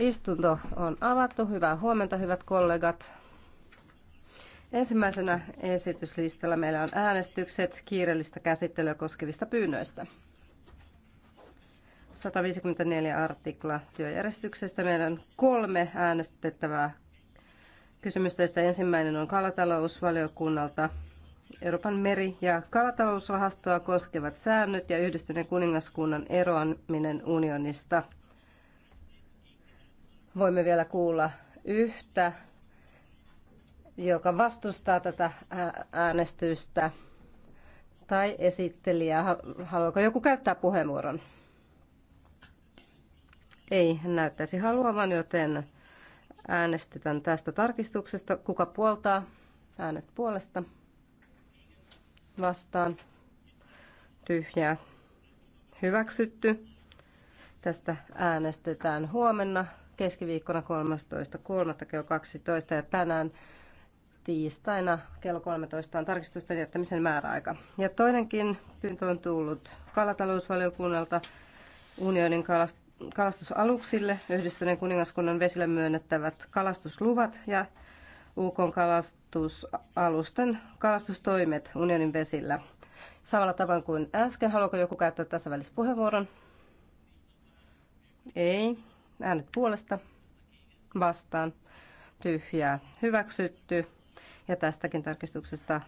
Istunto on avattu. Hyvää huomenta, hyvät kollegat. Ensimmäisenä esityslistalla meillä on äänestykset kiireellistä käsittelyä koskevista pyynnöistä. 154 artikla työjärjestyksestä. Meillä on kolme äänestettävää kysymystä, joista ensimmäinen on kalatalousvaliokunnalta. Euroopan meri- ja kalatalousrahastoa koskevat säännöt ja yhdistyneen kuningaskunnan eroaminen unionista. Voimme vielä kuulla yhtä, joka vastustaa tätä äänestystä. Tai esittelijä, haluaako joku käyttää puheenvuoron? Ei, näyttäisi haluavan, joten äänestytän tästä tarkistuksesta. Kuka puoltaa? Äänet puolesta vastaan tyhjää hyväksytty. Tästä äänestetään huomenna keskiviikkona 13.3. kello 12 ja tänään tiistaina kello 13 on tarkistusten jättämisen määräaika. Ja toinenkin pyyntö on tullut kalatalousvaliokunnalta unionin kalastusaluksille yhdistyneen kuningaskunnan vesille myönnettävät kalastusluvat ja UK kalastusalusten kalastustoimet unionin vesillä. Samalla tavoin kuin äsken, haluaako joku käyttää tässä välissä puheenvuoron? Ei. Äänet puolesta. Vastaan. Tyhjää. Hyväksytty. Ja tästäkin tarkistuksesta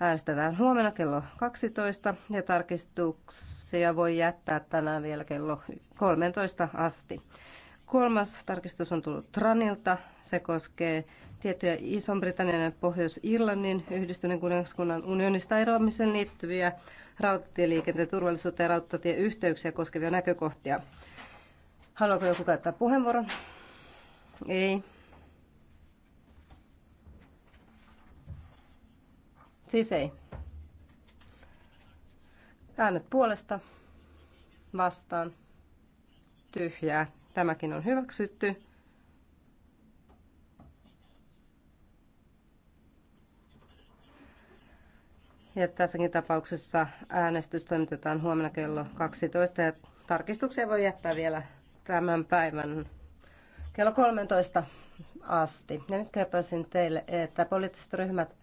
äänestetään huomenna kello 12 ja tarkistuksia voi jättää tänään vielä kello 13 asti. Kolmas tarkistus on tullut Tranilta. Se koskee tiettyjä iso britannian ja Pohjois-Irlannin yhdistyneen kuningaskunnan unionista eroamiseen liittyviä rautatieliikenteen turvallisuutta ja rautatieyhteyksiä koskevia näkökohtia. Haluaako joku käyttää puheenvuoron? Ei. Siis ei. Äänet puolesta, vastaan, tyhjää, Tämäkin on hyväksytty. Ja tässäkin tapauksessa äänestys toimitetaan huomenna kello 12 ja tarkistuksia voi jättää vielä tämän päivän kello 13 asti. Ja nyt kertoisin teille, että poliittiset ryhmät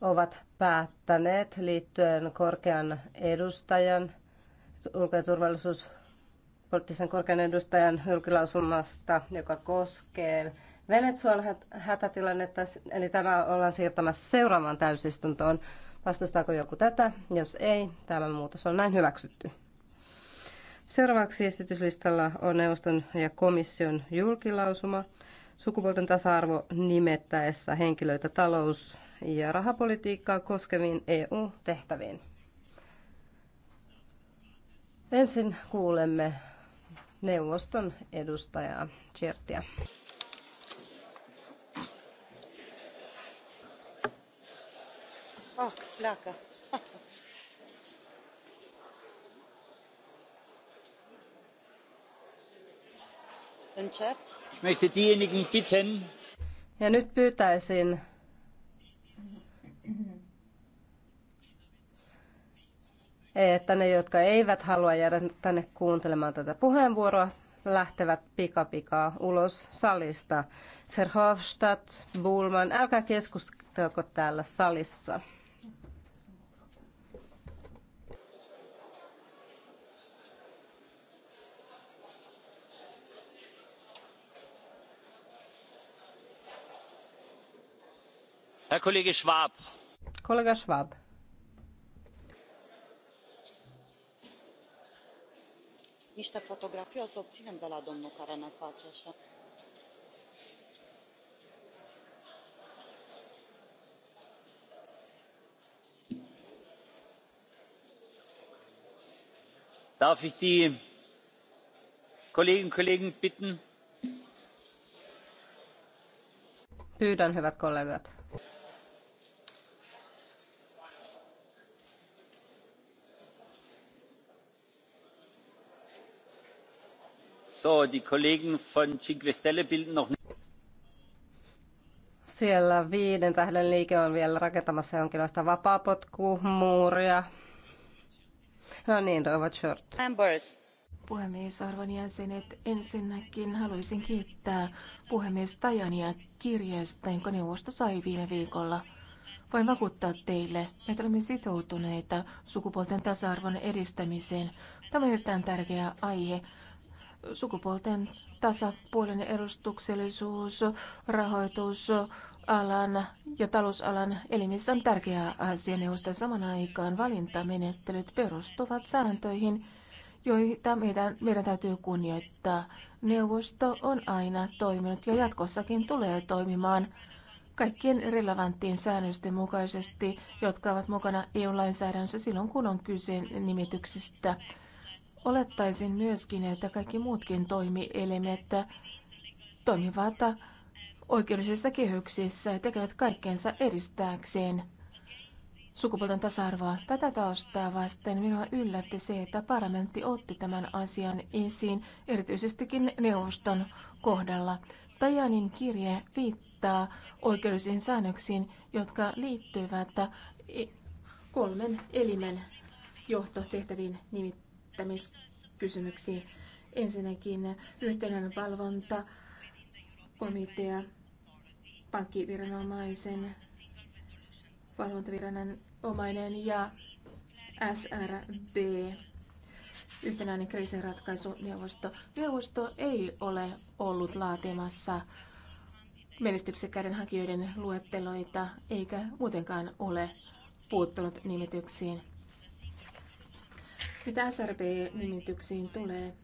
ovat päättäneet liittyen korkean edustajan ulko- ja turvallisuus- poliittisen korkean edustajan julkilausumasta, joka koskee Venezuelan hätätilannetta, eli tämä ollaan siirtämässä seuraavaan täysistuntoon. Vastustaako joku tätä? Jos ei, tämä muutos on näin hyväksytty. Seuraavaksi esityslistalla on neuvoston ja komission julkilausuma sukupuolten tasa-arvo nimettäessä henkilöitä talous- ja rahapolitiikkaa koskeviin EU-tehtäviin. Ensin kuulemme neuvoston edustajaa Chertia. Ah, oh, pleacă. Încep. Ich möchte diejenigen bitten. Ja nyt pyytäisin että ne, jotka eivät halua jäädä tänne kuuntelemaan tätä puheenvuoroa, lähtevät pikapikaa ulos salista. Verhofstadt, Bulman, älkää keskustelko täällä salissa. Herr Kollege Schwab. Kollega Schwab. niște fotografii o să obținem de la domnul care ne face așa. Darf ich die Kolleginnen und Kollegen bitten? Pyydän, hyvät kollegat, Siellä viiden tähden liike on vielä rakentamassa jonkinlaista vapaapotkumuuria. No niin, Rova Short. Members. Puhemies, arvon jäsenet, ensinnäkin haluaisin kiittää puhemies Tajania kirjeestä, jonka neuvosto sai viime viikolla. Voin vakuuttaa teille, että olemme sitoutuneita sukupuolten tasa-arvon edistämiseen. Tämä on erittäin tärkeä aihe sukupuolten tasapuolinen edustuksellisuus, rahoitusalan ja talousalan elimissä on tärkeä asia neuvoston saman aikaan. Valintamenettelyt perustuvat sääntöihin, joita meidän, meidän täytyy kunnioittaa. Neuvosto on aina toiminut ja jatkossakin tulee toimimaan kaikkien relevanttiin säännösten mukaisesti, jotka ovat mukana EU-lainsäädännössä silloin, kun on kyse nimityksistä Olettaisin myöskin, että kaikki muutkin toimielimet toimivat oikeudellisissa kehyksissä ja tekevät kaikkensa edistääkseen sukupuolten tasa-arvoa. Tätä taustaa vasten minua yllätti se, että parlamentti otti tämän asian esiin, erityisestikin neuvoston kohdalla. Tajanin kirje viittaa oikeudellisiin säännöksiin, jotka liittyvät kolmen elimen johtotehtäviin nimittäin kehittämiskysymyksiin. Ensinnäkin yhteinen valvonta, komitea, pankkiviranomaisen, valvontaviranomainen ja SRB, yhtenäinen kriisinratkaisuneuvosto. Neuvosto ei ole ollut laatimassa menestyksekkäiden hakijoiden luetteloita eikä muutenkaan ole puuttunut nimityksiin. Mitä SRB-nimityksiin tulee,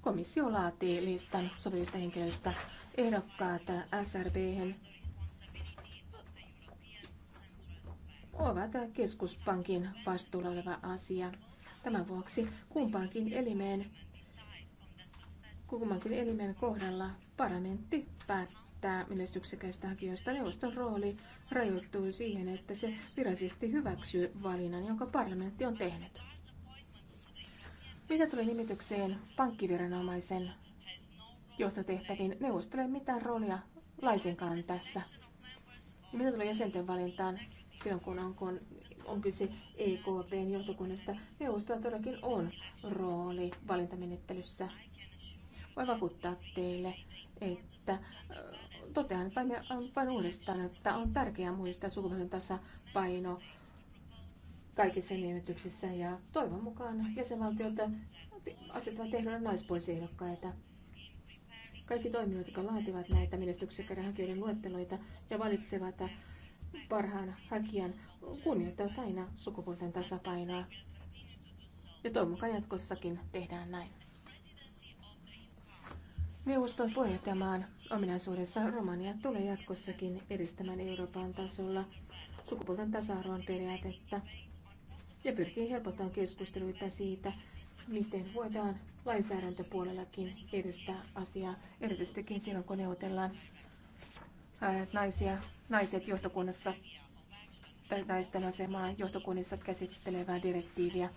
komissio laatii listan sopivista henkilöistä ehdokkaat SRB:hen. ovat keskuspankin vastuulla oleva asia. Tämän vuoksi kumpaankin elimeen, kummankin elimen kohdalla parlamentti päättää menestyksekäistä hakijoista. Neuvoston rooli rajoittuu siihen, että se virallisesti hyväksyy valinnan, jonka parlamentti on tehnyt. Mitä tulee nimitykseen pankkiviranomaisen johtotehtäviin, neuvostolle ei mitään roolia laisinkaan tässä. Ja mitä tulee jäsenten valintaan silloin, kun on, kun on kyse EKPn johtokunnasta, neuvostolla todellakin on rooli valintamenettelyssä. Voin vakuuttaa teille, että totean vain, vain uudestaan, että on tärkeää muistaa sukupuolten tasapaino kaikissa nimityksissä ja toivon mukaan jäsenvaltiot asettavat ehdolle naispuolisia ehdokkaita. Kaikki toimijat, jotka laativat näitä menestyksekkäiden hakijoiden luetteloita ja valitsevat parhaan hakijan, kunnioittavat aina sukupuolten tasapainoa. Ja toivon mukaan jatkossakin tehdään näin. Neuvoston puheenjohtajamaan ominaisuudessa Romania tulee jatkossakin edistämään Euroopan tasolla sukupuolten tasa-arvon periaatetta ja pyrkii helpottamaan keskusteluita siitä, miten voidaan lainsäädäntöpuolellakin edistää asiaa, erityisesti silloin, kun neuvotellaan naisia, naiset johtokunnassa tai naisten asemaa johtokunnissa käsittelevää direktiiviä.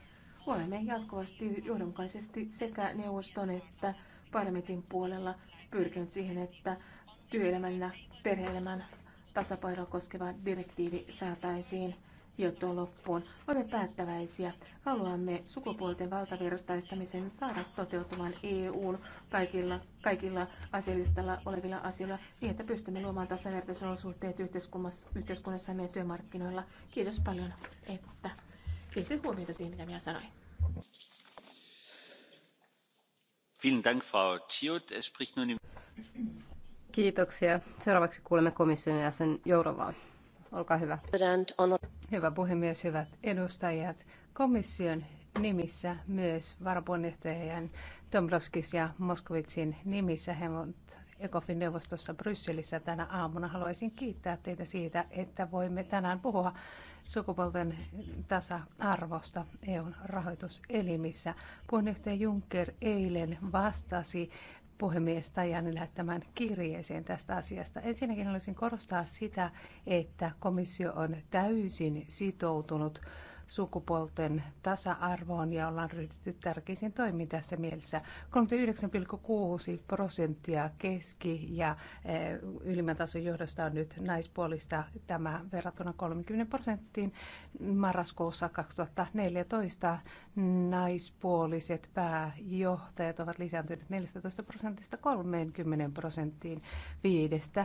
Olemme jatkuvasti johdonmukaisesti sekä neuvoston että parlamentin puolella pyrkinyt siihen, että työelämän ja perheelämän tasapainoa koskeva direktiivi saataisiin hiottua loppuun. Olemme päättäväisiä. Haluamme sukupuolten valtavirtaistamisen saada toteutumaan EUn kaikilla, kaikilla asialistalla olevilla asioilla niin, että pystymme luomaan tasavertaiset olosuhteet yhteiskunnassa, yhteiskunnassamme ja työmarkkinoilla. Kiitos paljon, että kiinnitit huomiota siihen, mitä minä sanoin. Kiitoksia. Seuraavaksi kuulemme komission jäsen Jourovaa. Olkaa hyvä. Hyvä puhemies, hyvät edustajat. Komission nimissä myös varapuheenjohtajien Dombrovskis ja Moskovitsin nimissä he ovat ECOFin neuvostossa Brysselissä tänä aamuna. Haluaisin kiittää teitä siitä, että voimme tänään puhua sukupuolten tasa-arvosta EUn rahoituselimissä. Puheenjohtaja Juncker eilen vastasi puhemies Tajani lähettämään kirjeeseen tästä asiasta. Ensinnäkin haluaisin korostaa sitä, että komissio on täysin sitoutunut sukupuolten tasa-arvoon ja ollaan ryhdytty tärkeisiin toimiin tässä mielessä. 39,6 prosenttia keski- ja eh, ylimmän tason johdosta on nyt naispuolista tämä verrattuna 30 prosenttiin marraskuussa 2014. Naispuoliset pääjohtajat ovat lisääntyneet 14 prosentista 30 prosenttiin 5-12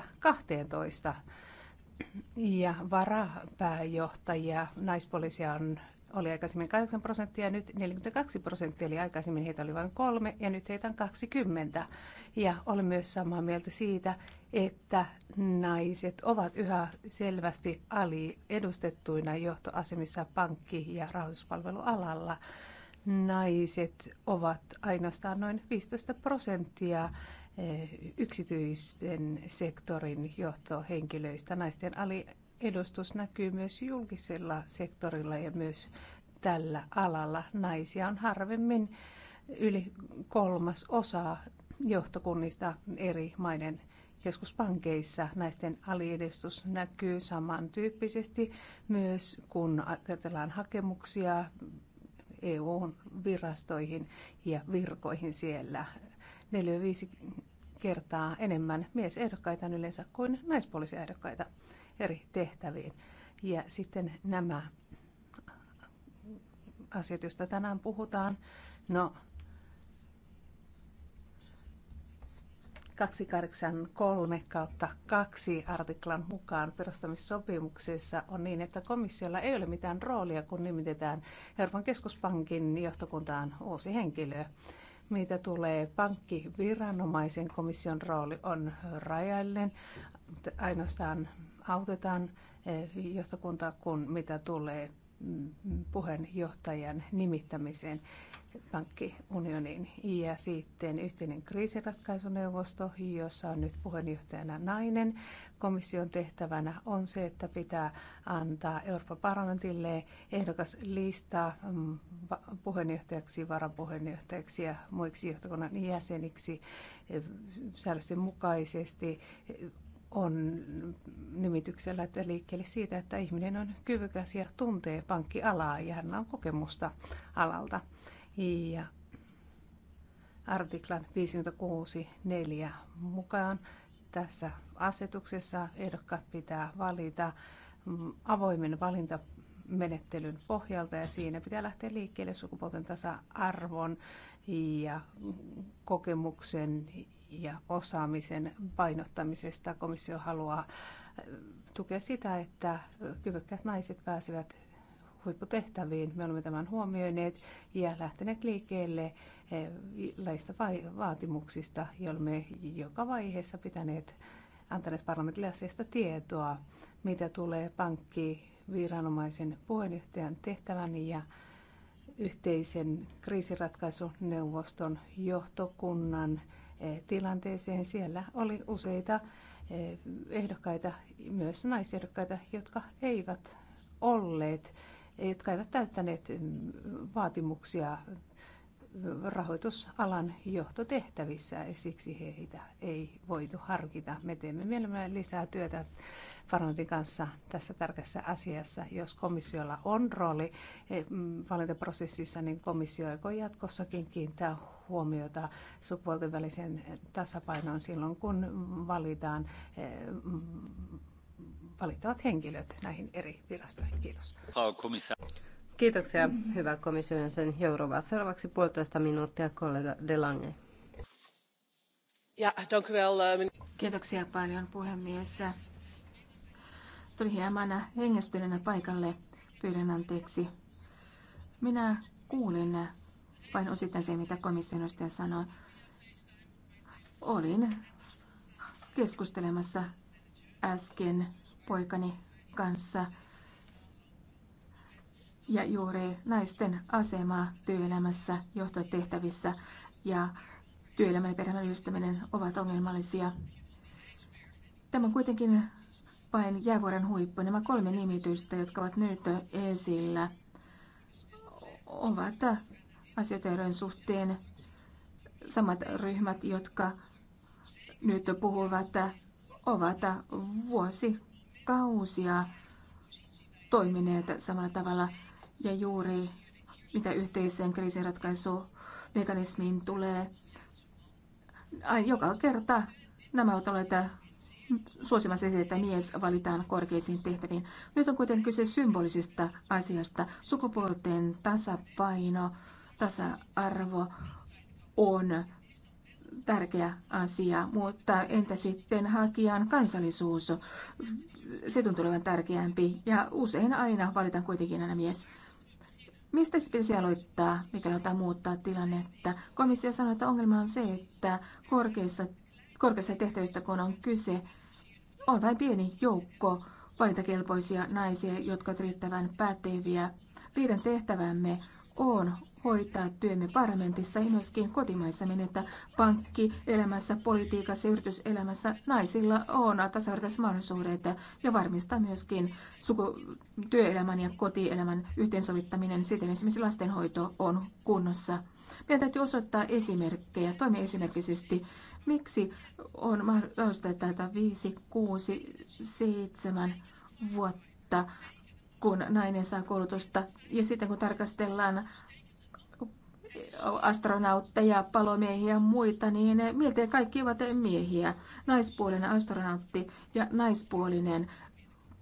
ja varapääjohtajia, naispoliisia on, oli aikaisemmin 8 prosenttia ja nyt 42 prosenttia, eli aikaisemmin heitä oli vain kolme ja nyt heitä on 20. Ja olen myös samaa mieltä siitä, että naiset ovat yhä selvästi aliedustettuina johtoasemissa pankki- ja rahoituspalvelualalla. Naiset ovat ainoastaan noin 15 prosenttia Eh, yksityisen sektorin johtohenkilöistä. Naisten aliedustus näkyy myös julkisella sektorilla ja myös tällä alalla. Naisia on harvemmin yli kolmas osa johtokunnista eri maiden keskuspankeissa naisten aliedustus näkyy samantyyppisesti myös kun ajatellaan hakemuksia EUn virastoihin ja virkoihin siellä. 4-5 kertaa enemmän miesehdokkaita on yleensä kuin naispuolisia eri tehtäviin. Ja sitten nämä asiat, joista tänään puhutaan, no 283 kautta 2 artiklan mukaan perustamissopimuksessa on niin, että komissiolla ei ole mitään roolia, kun nimitetään Euroopan keskuspankin johtokuntaan uusi henkilö. Mitä tulee pankkiviranomaisen komission rooli on rajallinen. Ainoastaan autetaan eh, johtokuntaa, kun mitä tulee puheenjohtajan nimittämiseen pankkiunioniin ja sitten yhteinen kriisiratkaisuneuvosto, jossa on nyt puheenjohtajana nainen. Komission tehtävänä on se, että pitää antaa Euroopan parlamentille ehdokas lista mm, puheenjohtajaksi, varapuheenjohtajaksi ja muiksi johtokunnan jäseniksi eh, säädösten mukaisesti on nimityksellä että liikkeelle siitä, että ihminen on kyvykäs ja tuntee pankkialaa ja hänellä on kokemusta alalta. Ja artiklan 56.4 mukaan tässä asetuksessa ehdokkaat pitää valita avoimen valintamenettelyn pohjalta ja siinä pitää lähteä liikkeelle sukupuolten tasa-arvon ja kokemuksen ja osaamisen painottamisesta. Komissio haluaa äh, tukea sitä, että kyvykkäät naiset pääsevät huipputehtäviin. Me olemme tämän huomioineet ja lähteneet liikkeelle äh, laista vaatimuksista, joilla me joka vaiheessa pitäneet antaneet parlamentille asiasta tietoa, mitä tulee pankkiviranomaisen puheenjohtajan tehtävän ja yhteisen kriisiratkaisuneuvoston johtokunnan eh, tilanteeseen. Siellä oli useita eh, ehdokkaita, myös naisehdokkaita, jotka eivät olleet, jotka eivät täyttäneet mm, vaatimuksia mm, rahoitusalan johtotehtävissä ja siksi heitä ei voitu harkita. Me teemme mielellämme lisää työtä parlamentin kanssa tässä tärkeässä asiassa. Jos komissiolla on rooli eh, mm, valintaprosessissa, niin komissio voi jatkossakin kiinnittää huomiota sukupuolten väliseen tasapainoon silloin, kun valitaan eh, mm, valittavat henkilöt näihin eri virastoihin. Kiitos. Kiitoksia, hyvä komission sen Jourova. Seuraavaksi puolitoista minuuttia kollega Delange. Eh, Kiitoksia paljon puhemies tuli hieman hengästyneenä paikalle. Pyydän anteeksi. Minä kuulin vain osittain se, mitä komission sanoi. Olin keskustelemassa äsken poikani kanssa ja juuri naisten asemaa työelämässä, johtotehtävissä ja työelämän ja perheen yhdistäminen ovat ongelmallisia. Tämä on kuitenkin vain jäävuoren huippu. Nämä kolme nimitystä, jotka ovat nyt esillä, ovat asioiden suhteen samat ryhmät, jotka nyt puhuvat, ovat vuosikausia toimineet samalla tavalla ja juuri mitä yhteiseen kriisinratkaisumekanismiin tulee. Joka kerta nämä ovat olleet suosimassa sitä, että mies valitaan korkeisiin tehtäviin. Nyt on kuitenkin kyse symbolisesta asiasta. Sukupuolten tasapaino, tasa-arvo on tärkeä asia, mutta entä sitten hakijan kansallisuus? Se tuntuu olevan tärkeämpi ja usein aina valitaan kuitenkin aina mies. Mistä se pitäisi aloittaa, mikä aloittaa muuttaa tilannetta? Komissio sanoi, että ongelma on se, että korkeissa, korkeissa tehtävistä kun on kyse, on vain pieni joukko valintakelpoisia naisia, jotka ovat riittävän päteviä. Meidän tehtävämme on hoitaa työmme parlamentissa ja myöskin kotimaissamme, niin että pankkielämässä, politiikassa ja yrityselämässä naisilla on tasavertaiset mahdollisuudet ja varmistaa myöskin suku- työelämän ja kotielämän yhteensovittaminen siten esimerkiksi lastenhoito on kunnossa. Meidän täytyy osoittaa esimerkkejä, toimia esimerkiksi. Miksi on mahdollista, että tätä 5, 6, 7 vuotta, kun nainen saa koulutusta, ja sitten kun tarkastellaan astronautteja, palomiehiä ja muita, niin miltei kaikki ovat miehiä. Naispuolinen astronautti ja naispuolinen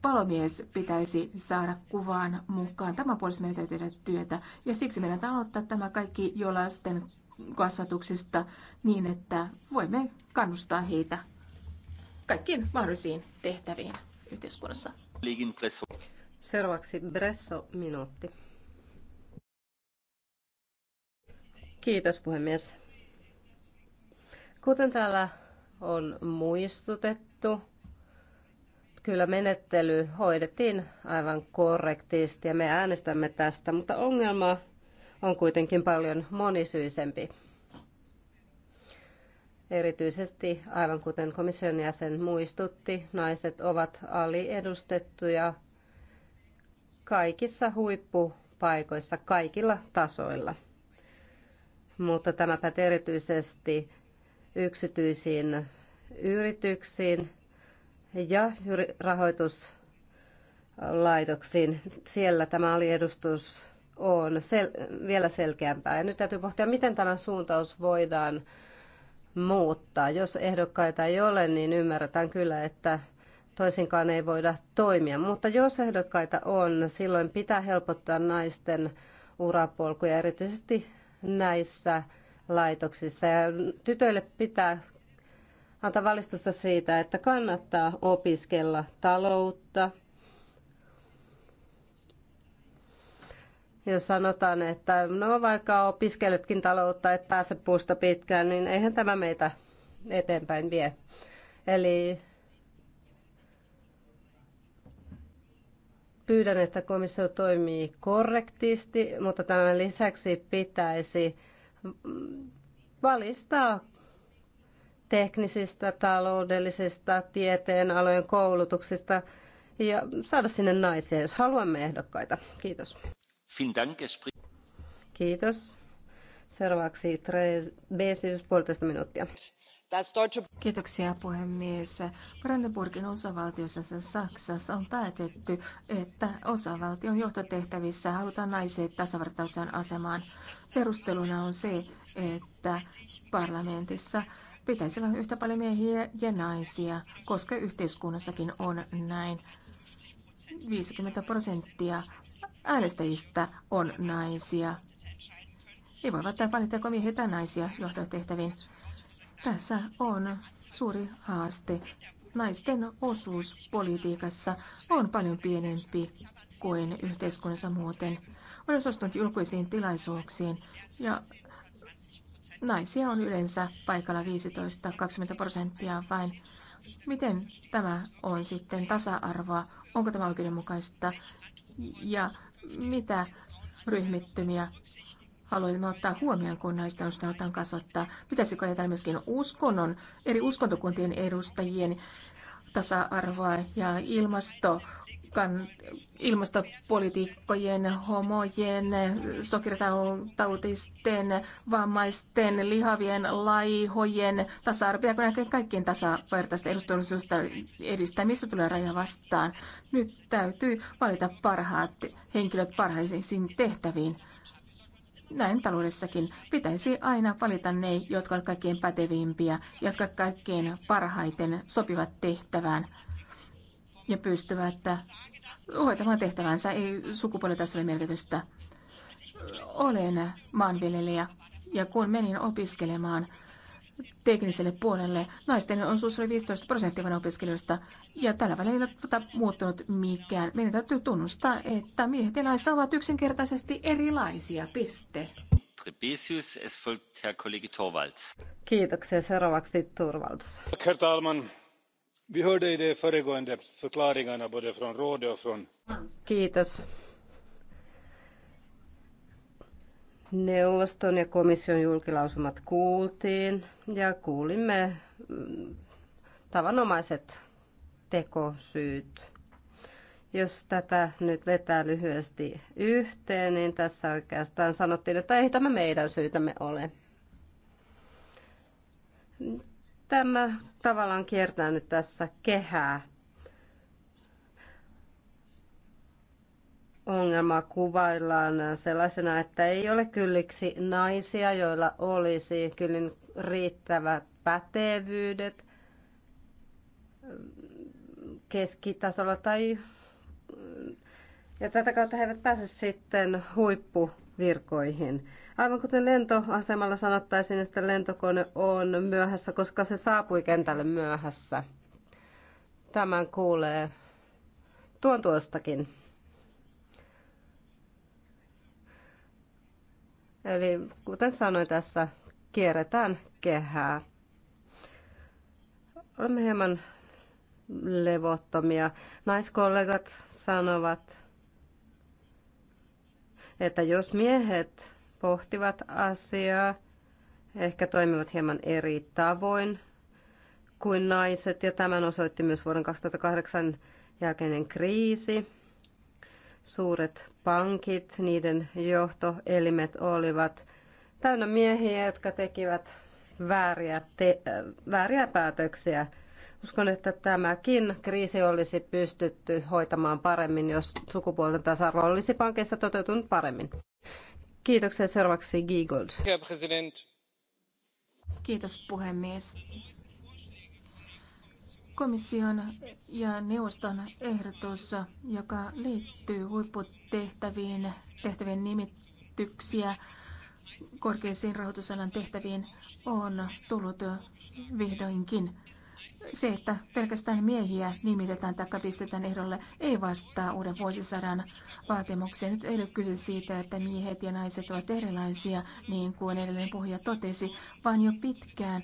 palomies pitäisi saada kuvaan mukaan. Tämä puolesta meidän täytyy tehdä työtä ja siksi meidän täytyy aloittaa tämä kaikki jo lasten kasvatuksesta niin, että voimme kannustaa heitä kaikkiin mahdollisiin tehtäviin yhteiskunnassa. Seuraavaksi Bresso minuutti. Kiitos puhemies. Kuten täällä on muistutettu, kyllä menettely hoidettiin aivan korrektisti ja me äänestämme tästä, mutta ongelma on kuitenkin paljon monisyisempi. Erityisesti, aivan kuten komission jäsen muistutti, naiset ovat aliedustettuja kaikissa huippupaikoissa, kaikilla tasoilla. Mutta tämä pätee erityisesti yksityisiin yrityksiin ja rahoituslaitoksiin. Siellä tämä aliedustus on sel- vielä selkeämpää. Ja nyt täytyy pohtia, miten tämä suuntaus voidaan muuttaa. Jos ehdokkaita ei ole, niin ymmärretään kyllä, että toisinkaan ei voida toimia. Mutta jos ehdokkaita on, silloin pitää helpottaa naisten urapolkuja, erityisesti näissä laitoksissa. Ja tytöille pitää antaa valistusta siitä, että kannattaa opiskella taloutta, jos sanotaan, että no vaikka opiskeletkin taloutta, et pääse puusta pitkään, niin eihän tämä meitä eteenpäin vie. Eli pyydän, että komissio toimii korrektisti, mutta tämän lisäksi pitäisi valistaa teknisistä, taloudellisista, tieteenalojen koulutuksista ja saada sinne naisia, jos haluamme ehdokkaita. Kiitos. Kiitos. Seuraavaksi b puolitoista minuuttia. Kiitoksia puhemies. Brandenburgin osavaltiossa Saksassa on päätetty, että osavaltion johtotehtävissä halutaan naiset tasavertaiseen asemaan. Perusteluna on se, että parlamentissa pitäisi olla yhtä paljon miehiä ja naisia, koska yhteiskunnassakin on näin. 50 prosenttia äänestäjistä on naisia. Ei voi välttää valittako miehiä tai naisia johtajatehtäviin. Tässä on suuri haaste. Naisten osuus politiikassa on paljon pienempi kuin yhteiskunnassa muuten. Olen osastunut julkisiin tilaisuuksiin ja naisia on yleensä paikalla 15-20 prosenttia vain. Miten tämä on sitten tasa-arvoa? Onko tämä oikeudenmukaista? Ja mitä ryhmittymiä haluaisimme ottaa huomioon, kun naisten uskonnotaan kasvattaa? Pitäisikö ajatella myöskin uskonnon, eri uskontokuntien edustajien tasa-arvoa ja ilmasto kan, ilmastopolitiikkojen, homojen, sokeritautisten, vammaisten, lihavien, laihojen, tasa-arvoja, kun kaikkien tasavertaista edustuksellisuutta edistää, missä tulee raja vastaan. Nyt täytyy valita parhaat henkilöt parhaisiin tehtäviin. Näin taloudessakin pitäisi aina valita ne, jotka ovat kaikkein pätevimpiä, jotka kaikkein parhaiten sopivat tehtävään ja pystyvät hoitamaan tehtävänsä. Ei sukupuolella tässä ole merkitystä. Olen maanviljelijä ja kun menin opiskelemaan tekniselle puolelle, naisten osuus oli 15 prosenttia vain opiskelijoista ja tällä välillä ei ole tota muuttunut mikään. Meidän täytyy tunnustaa, että miehet ja naiset ovat yksinkertaisesti erilaisia. Piste. Kiitoksia. Seuraavaksi Turvalds. Herr talman. Vi hörde i de föregående förklaringarna både från rådet och från... Kiitos. Neuvoston ja komission julkilausumat kuultiin ja kuulimme mm, tavanomaiset tekosyyt. Jos tätä nyt vetää lyhyesti yhteen, niin tässä oikeastaan sanottiin, että ei tämä meidän syytämme ole. Tämä tavallaan kiertää nyt tässä kehää. Ongelma kuvaillaan sellaisena, että ei ole kylliksi naisia, joilla olisi kyllin riittävät pätevyydet keskitasolla tai ja tätä kautta he eivät pääse sitten huippuvirkoihin. Aivan kuten lentoasemalla sanottaisiin, että lentokone on myöhässä, koska se saapui kentälle myöhässä. Tämän kuulee tuon tuostakin. Eli kuten sanoin tässä, kierretään kehää. Olemme hieman levottomia. Naiskollegat sanovat, että jos miehet pohtivat asiaa, ehkä toimivat hieman eri tavoin kuin naiset, ja tämän osoitti myös vuoden 2008 jälkeinen kriisi. Suuret pankit, niiden johtoelimet olivat täynnä miehiä, jotka tekivät vääriä, te- vääriä päätöksiä. Uskon, että tämäkin kriisi olisi pystytty hoitamaan paremmin, jos sukupuolten tasa-arvo olisi pankeissa toteutunut paremmin. Kiitoksia seuraavaksi Giegold. Kiitos puhemies. Komission ja neuvoston ehdotus, joka liittyy huipputehtäviin, tehtävien nimityksiä korkeisiin rahoitusalan tehtäviin, on tullut vihdoinkin. Se, että pelkästään miehiä nimitetään tai pistetään ehdolle, ei vastaa uuden vuosisadan vaatimuksia. Nyt ei ole kyse siitä, että miehet ja naiset ovat erilaisia, niin kuin edellinen puhuja totesi, vaan jo pitkään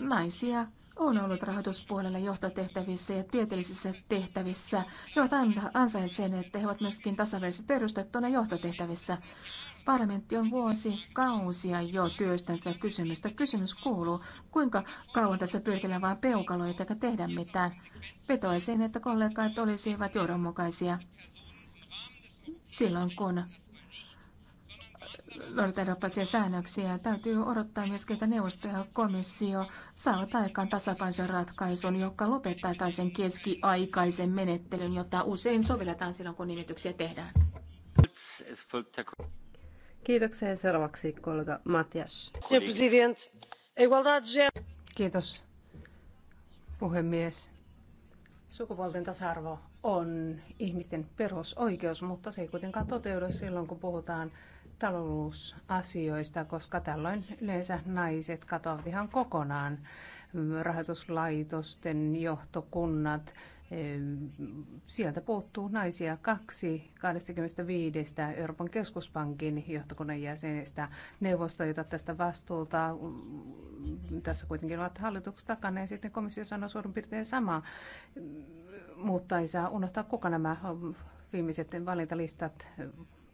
naisia on ollut rahoituspuolella johtotehtävissä ja tieteellisissä tehtävissä. He ovat ansainneet sen, että he ovat myöskin tasaveroisesti perustettuna johtotehtävissä. Parlamentti on vuosi kausia jo työstänyt tätä kysymystä. Kysymys kuuluu, kuinka kauan tässä pyöritellään vain peukaloita eikä tehdä mitään. Vetoisin, että kollegat olisivat johdonmukaisia silloin, kun noudatetaan säännöksiä. Täytyy odottaa myöskin, että neuvosto ja komissio saavat aikaan tasapainoisen ratkaisun, joka lopettaa tällaisen keskiaikaisen menettelyn, jota usein sovelletaan silloin, kun nimityksiä tehdään. Kiitoksia seuraavaksi kollega Matias. Kiitos puhemies. Sukupuolten tasa-arvo on ihmisten perusoikeus, mutta se ei kuitenkaan toteudu silloin, kun puhutaan talousasioista, koska tällöin yleensä naiset katoavat ihan kokonaan rahoituslaitosten johtokunnat, Sieltä puuttuu naisia kaksi 25 Euroopan keskuspankin johtokunnan jäsenistä. Neuvosto, jota tästä vastuulta, mm, tässä kuitenkin ovat hallitukset takana ja sitten komissio sanoo suurin piirtein samaa, mutta ei saa unohtaa, kuka nämä mm, viimeiset valintalistat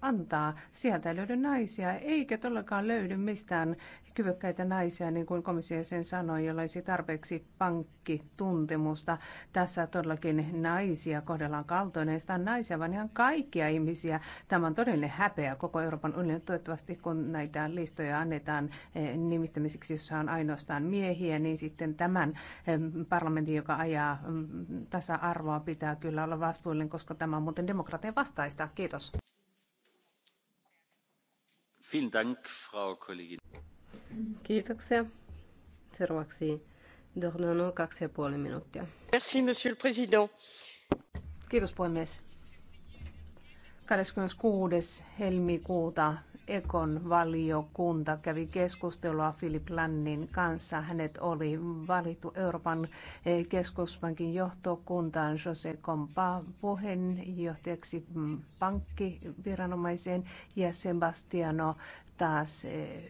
antaa. Sieltä ei löydy naisia, eikä todellakaan löydy mistään kyvykkäitä naisia, niin kuin komissio sen sanoi, jolla olisi tarpeeksi pankkituntemusta. Tässä todellakin naisia kohdellaan kaltoin, ei sitä naisia, vaan ihan kaikkia ihmisiä. Tämä on todellinen häpeä koko Euroopan unionin. Toivottavasti kun näitä listoja annetaan eh, nimittämiseksi, jossa on ainoastaan miehiä, niin sitten tämän eh, parlamentin, joka ajaa mm, tasa-arvoa, pitää kyllä olla vastuullinen, koska tämä on muuten demokratian vastaista. Kiitos. Kiitoksia. Seuraavaksi Dornano, kaksi ja puoli minuuttia. Merci, monsieur le président. Kiitos puhemies. 26. helmikuuta Ekon valiokunta kävi keskustelua Philip Lannin kanssa. Hänet oli valittu Euroopan eh, keskuspankin johtokuntaan Jose Compa puheenjohtajaksi mm, pankkiviranomaiseen ja Sebastiano taas eh,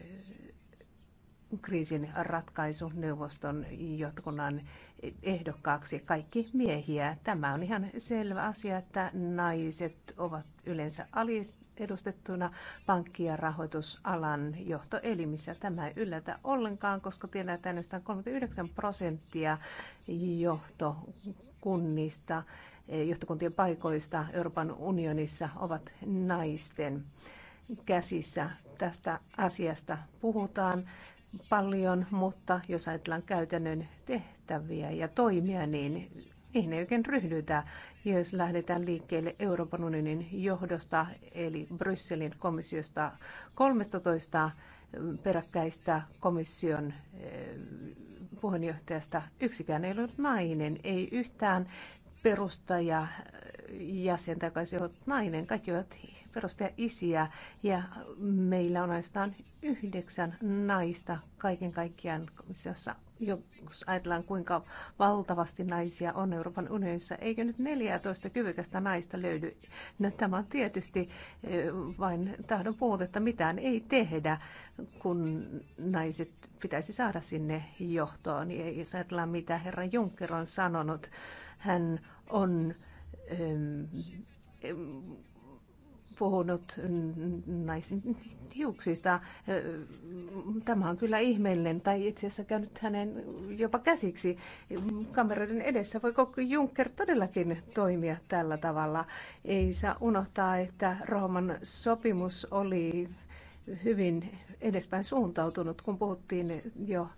kriisin ratkaisuneuvoston johtokunnan eh, ehdokkaaksi kaikki miehiä. Tämä on ihan selvä asia, että naiset ovat yleensä edustettuna pankki- ja rahoitusalan johtoelimissä. Tämä ei yllätä ollenkaan, koska tiedän, että ainoastaan 39 prosenttia johtokunnista, eh, johtokuntien paikoista Euroopan unionissa ovat naisten käsissä. Tästä asiasta puhutaan paljon, mutta jos ajatellaan käytännön tehtäviä ja toimia, niin Eihän ei oikein ryhdytä, jos lähdetään liikkeelle Euroopan unionin johdosta, eli Brysselin komissiosta 13 peräkkäistä komission eh, puheenjohtajasta. Yksikään ei ollut nainen, ei yhtään perustaja eh, jäsentä, joka olisi ollut nainen. Kaikki ovat perustaja isiä ja meillä on ainoastaan yhdeksän naista kaiken kaikkiaan komissiossa jos ajatellaan kuinka valtavasti naisia on Euroopan unionissa, eikö nyt 14 kyvykästä naista löydy? No, tämä on tietysti eh, vain tahdon puutetta, mitään ei tehdä, kun naiset pitäisi saada sinne johtoon. Ja jos ajatellaan, mitä herra Juncker on sanonut, hän on... Öö, puhunut naisen hiuksista. Tämä on kyllä ihmeellinen, tai itse asiassa käynyt hänen jopa käsiksi. Kameroiden edessä voi koko Juncker todellakin toimia tällä tavalla. Ei saa unohtaa, että Rooman sopimus oli hyvin edespäin suuntautunut, kun puhuttiin jo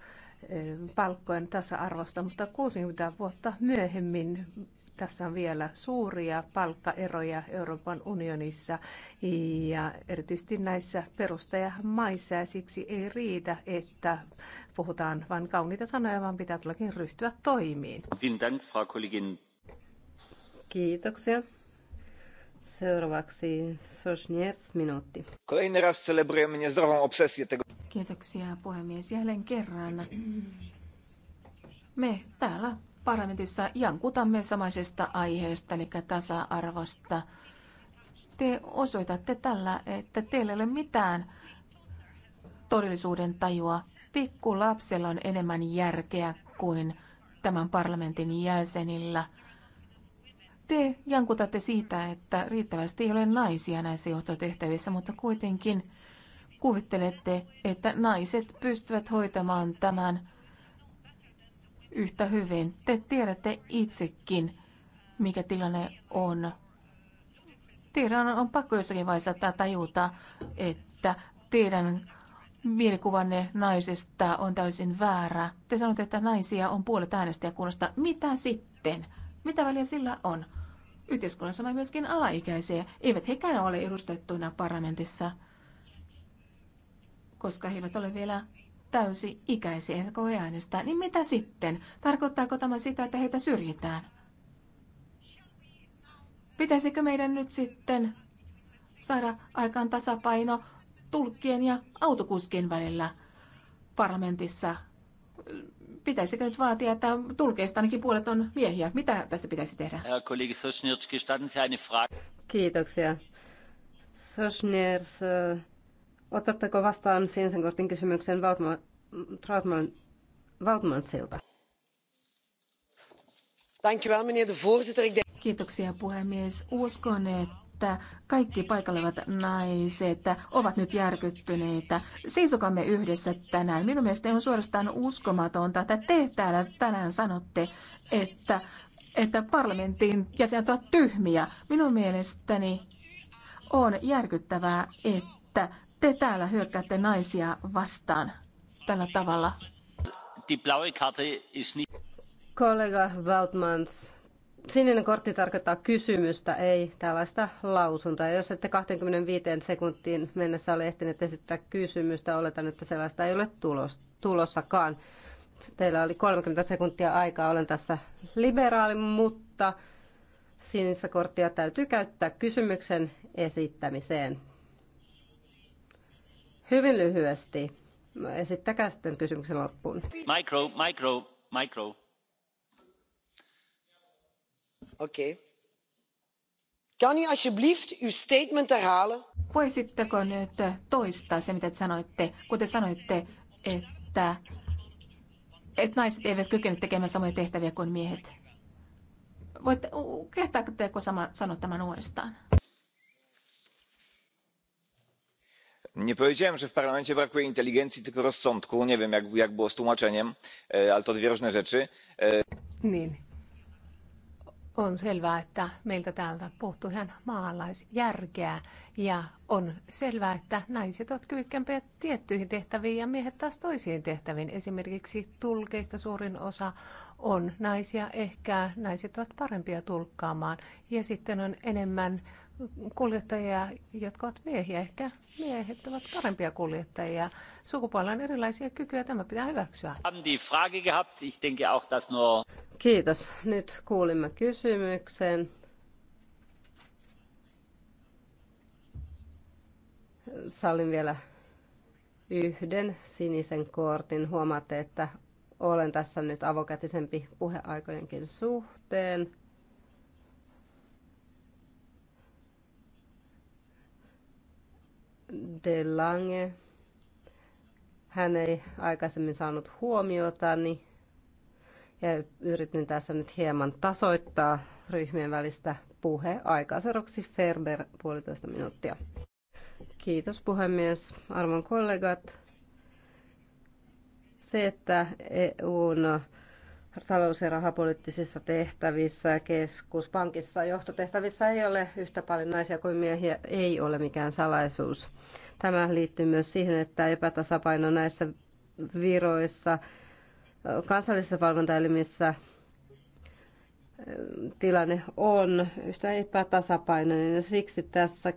eh, palkkojen tasa-arvosta, mutta 60 vuotta myöhemmin tässä on vielä suuria palkkaeroja Euroopan unionissa ja erityisesti näissä perustajamaissa ja siksi ei riitä, että puhutaan vain kauniita sanoja, vaan pitää todellakin ryhtyä toimiin. Kiitoksia. Seuraavaksi Sosniers minuutti. Kiitoksia puhemies jälleen kerran. Me täällä parlamentissa jankutamme samaisesta aiheesta, eli tasa-arvosta. Te osoitatte tällä, että teillä ei ole mitään todellisuuden tajua. Pikku lapsella on enemmän järkeä kuin tämän parlamentin jäsenillä. Te jankutatte siitä, että riittävästi ei ole naisia näissä johtotehtävissä, mutta kuitenkin kuvittelette, että naiset pystyvät hoitamaan tämän yhtä hyvin. Te tiedätte itsekin, mikä tilanne on. Teidän on pakko jossakin vaiheessa tajuta, että teidän mielikuvanne naisesta on täysin väärä. Te sanotte, että naisia on puolet äänestäjäkunnasta. Mitä sitten? Mitä väliä sillä on? Yhteiskunnassa on myöskin alaikäisiä. Eivät hekään ole edustettuina parlamentissa, koska he eivät ole vielä täysi-ikäisiä, jotka voi äänestää, niin mitä sitten? Tarkoittaako tämä sitä, että heitä syrjitään? Pitäisikö meidän nyt sitten saada aikaan tasapaino tulkkien ja autokuskien välillä parlamentissa? Pitäisikö nyt vaatia, että tulkeista ainakin puolet on miehiä? Mitä tässä pitäisi tehdä? Kiitoksia. Sosnirs, Otatteko vastaan sinisen kortin kysymyksen Vautman, Trautman, Kiitoksia puhemies. Uskon, että kaikki paikallevat naiset ovat nyt järkyttyneitä. Seisokamme yhdessä tänään. Minun mielestäni on suorastaan uskomatonta, että te täällä tänään sanotte, että, että parlamentin jäsenet ovat tyhmiä. Minun mielestäni on järkyttävää, että te täällä hyökkäätte naisia vastaan tällä tavalla. Kollega Weltmans, sininen kortti tarkoittaa kysymystä, ei tällaista lausuntoa. Jos ette 25 sekuntiin mennessä ole ehtineet esittää kysymystä, oletan, että sellaista ei ole tulos, tulossakaan. Teillä oli 30 sekuntia aikaa, olen tässä liberaali, mutta sinistä korttia täytyy käyttää kysymyksen esittämiseen. Hyvin lyhyesti. Esittäkää sitten kysymyksen loppuun. Micro, micro, micro. Okei. Okay. Kan u alsjeblieft uw statement herhalen? Voisitteko nyt toistaa se, mitä te sanoitte, kun te sanoitte, että, että naiset eivät kykene tekemään samoja tehtäviä kuin miehet? Voitte, kehtaatteko sama, sanoa tämän uudestaan? nie powiedziałem że w parlamencie brakuje inteligencji tylko rozsądku nie wiem jak było z tłumaczeniem e, ale to dwie różne rzeczy. E, niin. On selvää, että meiltä täältä puuttuu ihan maalaisjärkeä ja on selvää, että naiset ovat kyykkämpiä tiettyihin tehtäviin ja miehet taas toisiin tehtäviin. Esimerkiksi tulkeista suurin osa on naisia, ehkä naiset ovat parempia tulkkaamaan ja sitten on enemmän kuljettajia, jotka ovat miehiä. Ehkä miehet ovat parempia kuljettajia. Sukupuolella on erilaisia kykyjä, tämä pitää hyväksyä. Kiitos. Nyt kuulimme kysymyksen. Sallin vielä yhden sinisen kortin. Huomaatte, että olen tässä nyt avokätisempi puheaikojenkin suhteen. De Lange. Hän ei aikaisemmin saanut niin ja yritin tässä nyt hieman tasoittaa ryhmien välistä puhe. aikaiseroksi Ferber puolitoista minuuttia. Kiitos puhemies. Arvon kollegat, se, että EUn talous- ja rahapoliittisissa tehtävissä, ja keskuspankissa, johtotehtävissä ei ole yhtä paljon naisia kuin miehiä, ei ole mikään salaisuus. Tämä liittyy myös siihen, että epätasapaino näissä viroissa, kansallisissa valvontaelimissä eh, tilanne on yhtä epätasapainoinen ja siksi tässä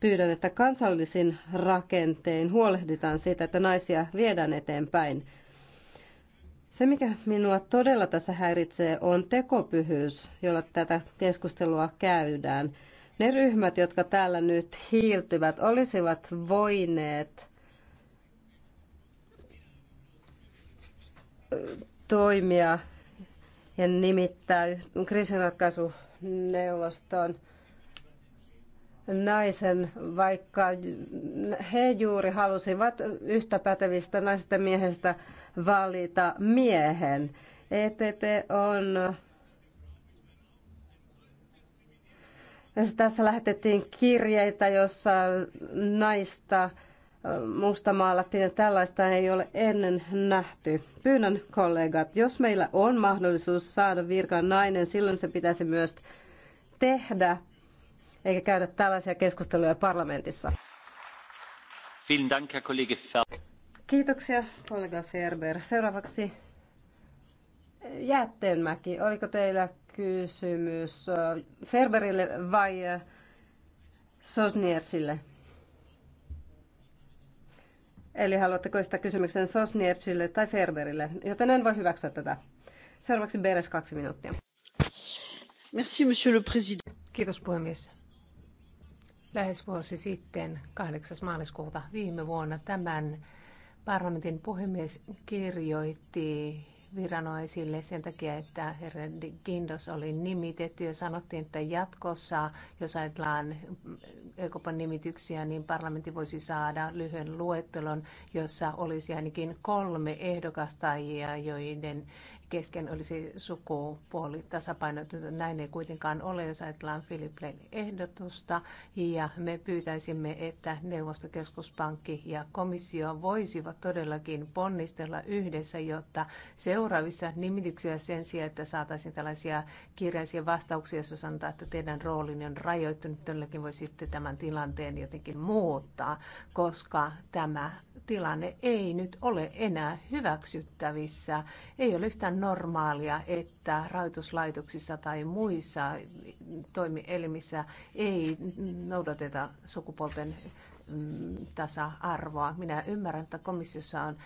pyydän, että kansallisin rakentein huolehditaan siitä, että naisia viedään eteenpäin. Se, mikä minua todella tässä häiritsee, on tekopyhyys, jolla tätä keskustelua käydään. Ne ryhmät, jotka täällä nyt hiiltyvät, olisivat voineet toimia ja nimittää kriisinratkaisuneuvoston naisen, vaikka he juuri halusivat yhtä pätevistä naisista miehestä valita miehen. EPP on Tässä lähetettiin kirjeitä, jossa naista mustamaalattiin ja tällaista ei ole ennen nähty. Pyynnän kollegat, jos meillä on mahdollisuus saada virkaan nainen, silloin se pitäisi myös tehdä, eikä käydä tällaisia keskusteluja parlamentissa. Kiitoksia, kollega Ferber. Seuraavaksi eh, Jätteenmäki. Oliko teillä kysymys eh, Ferberille vai eh, Sosniersille? Eli haluatteko sitä kysymyksen Sosniersille tai Ferberille, joten en voi hyväksyä tätä. Seuraavaksi Beres kaksi minuuttia. Merci, monsieur le président. Kiitos puhemies. Lähes vuosi sitten, 8. maaliskuuta viime vuonna, tämän Parlamentin puhemies kirjoitti viranomaisille sen takia, että herra Gindos oli nimitetty ja sanottiin, että jatkossa, jos ajatellaan EKOPan nimityksiä, niin parlamentti voisi saada lyhyen luettelon, jossa olisi ainakin kolme ehdokasta, joiden kesken olisi sukupuoli tasapainotettu. Näin ei kuitenkaan ole, jos ajatellaan Filiplen ehdotusta. Ja me pyytäisimme, että neuvostokeskuspankki ja komissio voisivat todellakin ponnistella yhdessä, jotta seuraavissa nimityksiä sen sijaan, että saataisiin tällaisia kirjaisia vastauksia, jossa sanotaan, että teidän roolinne on rajoittunut, todellakin voi sitten tämän tilanteen jotenkin muuttaa, koska tämä tilanne ei nyt ole enää hyväksyttävissä. Ei ole yhtään normaalia, että rahoituslaitoksissa tai muissa toimielimissä ei noudateta sukupuolten mm, tasa-arvoa. Minä ymmärrän, että komissiossa on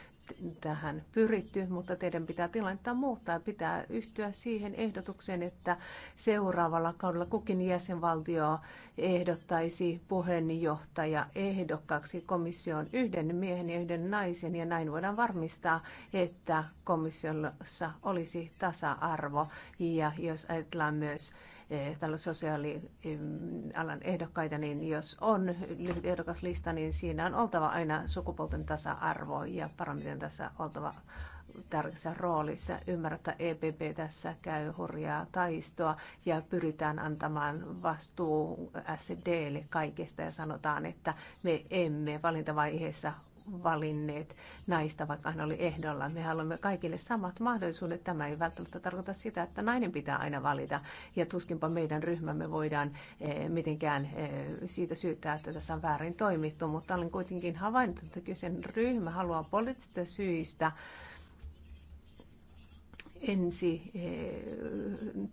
tähän pyritty, mutta teidän pitää tilannetta muuttaa ja pitää yhtyä siihen ehdotukseen, että seuraavalla kaudella kukin jäsenvaltio ehdottaisi puheenjohtaja ehdokkaaksi komission yhden miehen ja yhden naisen ja näin voidaan varmistaa, että komissiossa olisi tasa-arvo ja jos ajatellaan myös Eh, sosiaalialan ehdokkaita, niin jos on lyhyt ehdokaslista, niin siinä on oltava aina sukupuolten tasa-arvo ja parlamentin tässä oltava tärkeässä roolissa. Ymmärtää, että EPP tässä käy hurjaa taistoa ja pyritään antamaan vastuu SDlle kaikesta ja sanotaan, että me emme valintavaiheessa valinneet naista, vaikka hän oli ehdolla. Me haluamme kaikille samat mahdollisuudet. Tämä ei välttämättä tarkoita sitä, että nainen pitää aina valita. Ja tuskinpa meidän ryhmämme voidaan eh, mitenkään eh, siitä syyttää, että tässä on väärin toimittu. Mutta olen kuitenkin havainnut, että kyseinen ryhmä haluaa poliittisista syistä ensi eh,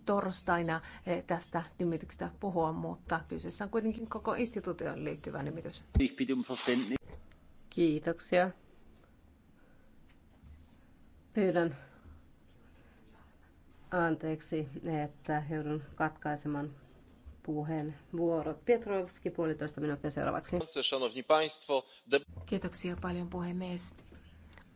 torstaina tästä nimityksestä puhua, mutta kyseessä on kuitenkin koko instituutioon liittyvä nimitys. Kiitoksia. Pyydän anteeksi, että joudun katkaisemaan puheen vuorot. Pietrovski, puolitoista minuuttia seuraavaksi. Kiitoksia paljon puhemies.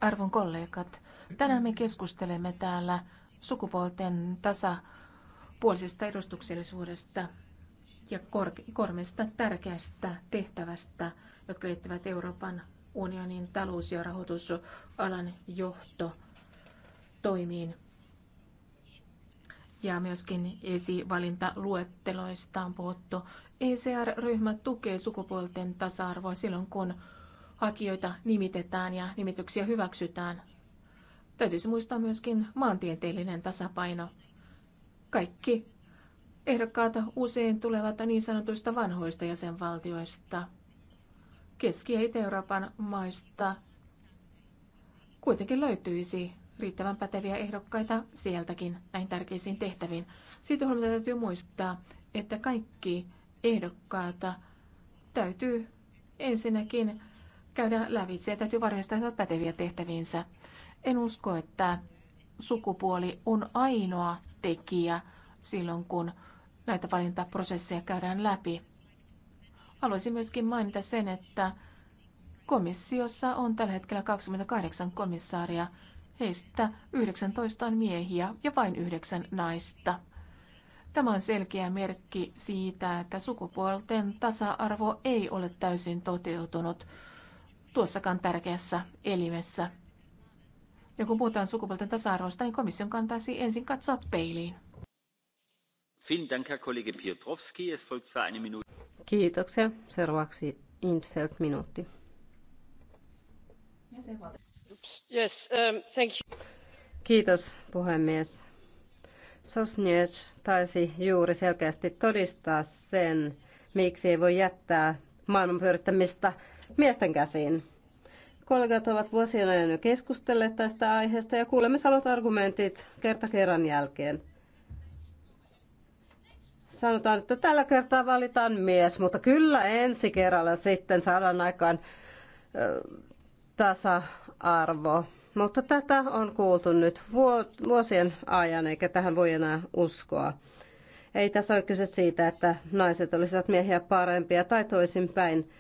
Arvon kollegat, tänään me keskustelemme täällä sukupuolten tasapuolisesta edustuksellisuudesta ja kor- kormesta tärkeästä tehtävästä, jotka liittyvät Euroopan unionin talous- ja rahoitusalan johto toimiin ja myöskin esivalintaluetteloista on puhuttu. ECR-ryhmä tukee sukupuolten tasa-arvoa silloin, kun hakijoita nimitetään ja nimityksiä hyväksytään. Täytyisi muistaa myöskin maantieteellinen tasapaino. Kaikki ehdokkaat usein tulevat niin sanotuista vanhoista jäsenvaltioista – Keski- ja Itä-Euroopan maista kuitenkin löytyisi riittävän päteviä ehdokkaita sieltäkin näihin tärkeisiin tehtäviin. Siitä huolimatta täytyy muistaa, että kaikki ehdokkaata täytyy ensinnäkin käydä lävitse ja täytyy varmistaa, että päteviä tehtäviinsä. En usko, että sukupuoli on ainoa tekijä silloin, kun näitä valintaprosesseja käydään läpi. Haluaisin myöskin mainita sen, että komissiossa on tällä hetkellä 28 komissaaria. Heistä 19 on miehiä ja vain 9 naista. Tämä on selkeä merkki siitä, että sukupuolten tasa-arvo ei ole täysin toteutunut tuossakaan tärkeässä elimessä. Ja kun puhutaan sukupuolten tasa-arvosta, niin komission kantaisi ensin katsoa peiliin. Kiitoksia. Seuraavaksi minuutti. Um, Kiitos puhemies. Sosniec taisi juuri selkeästi todistaa sen, miksi ei voi jättää maailman pyörittämistä miesten käsiin. Kollegat ovat vuosien ajan jo keskustelleet tästä aiheesta ja kuulemme samat argumentit kerta kerran jälkeen sanotaan, että tällä kertaa valitaan mies, mutta kyllä ensi kerralla sitten saadaan aikaan tasa-arvo. Mutta tätä on kuultu nyt vuosien ajan, eikä tähän voi enää uskoa. Ei tässä ole kyse siitä, että naiset olisivat miehiä parempia tai toisinpäin,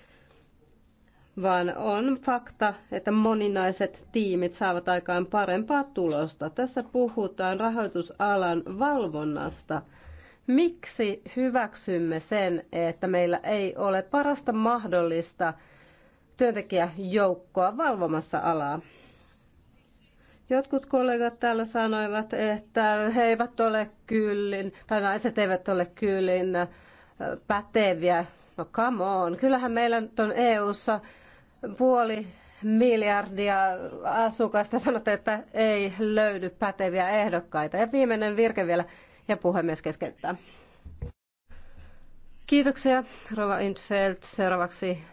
vaan on fakta, että moninaiset tiimit saavat aikaan parempaa tulosta. Tässä puhutaan rahoitusalan valvonnasta – Miksi hyväksymme sen, että meillä ei ole parasta mahdollista työntekijäjoukkoa valvomassa alaa? Jotkut kollegat täällä sanoivat, että he eivät ole kyllin, tai naiset eivät ole kyllin päteviä. No come on, kyllähän meillä nyt on EU-ssa puoli miljardia asukasta. Sanotte, että ei löydy päteviä ehdokkaita. Ja viimeinen virke vielä ja puhemies keskeyttää. Kiitoksia, Rova Intfeld. Seuraavaksi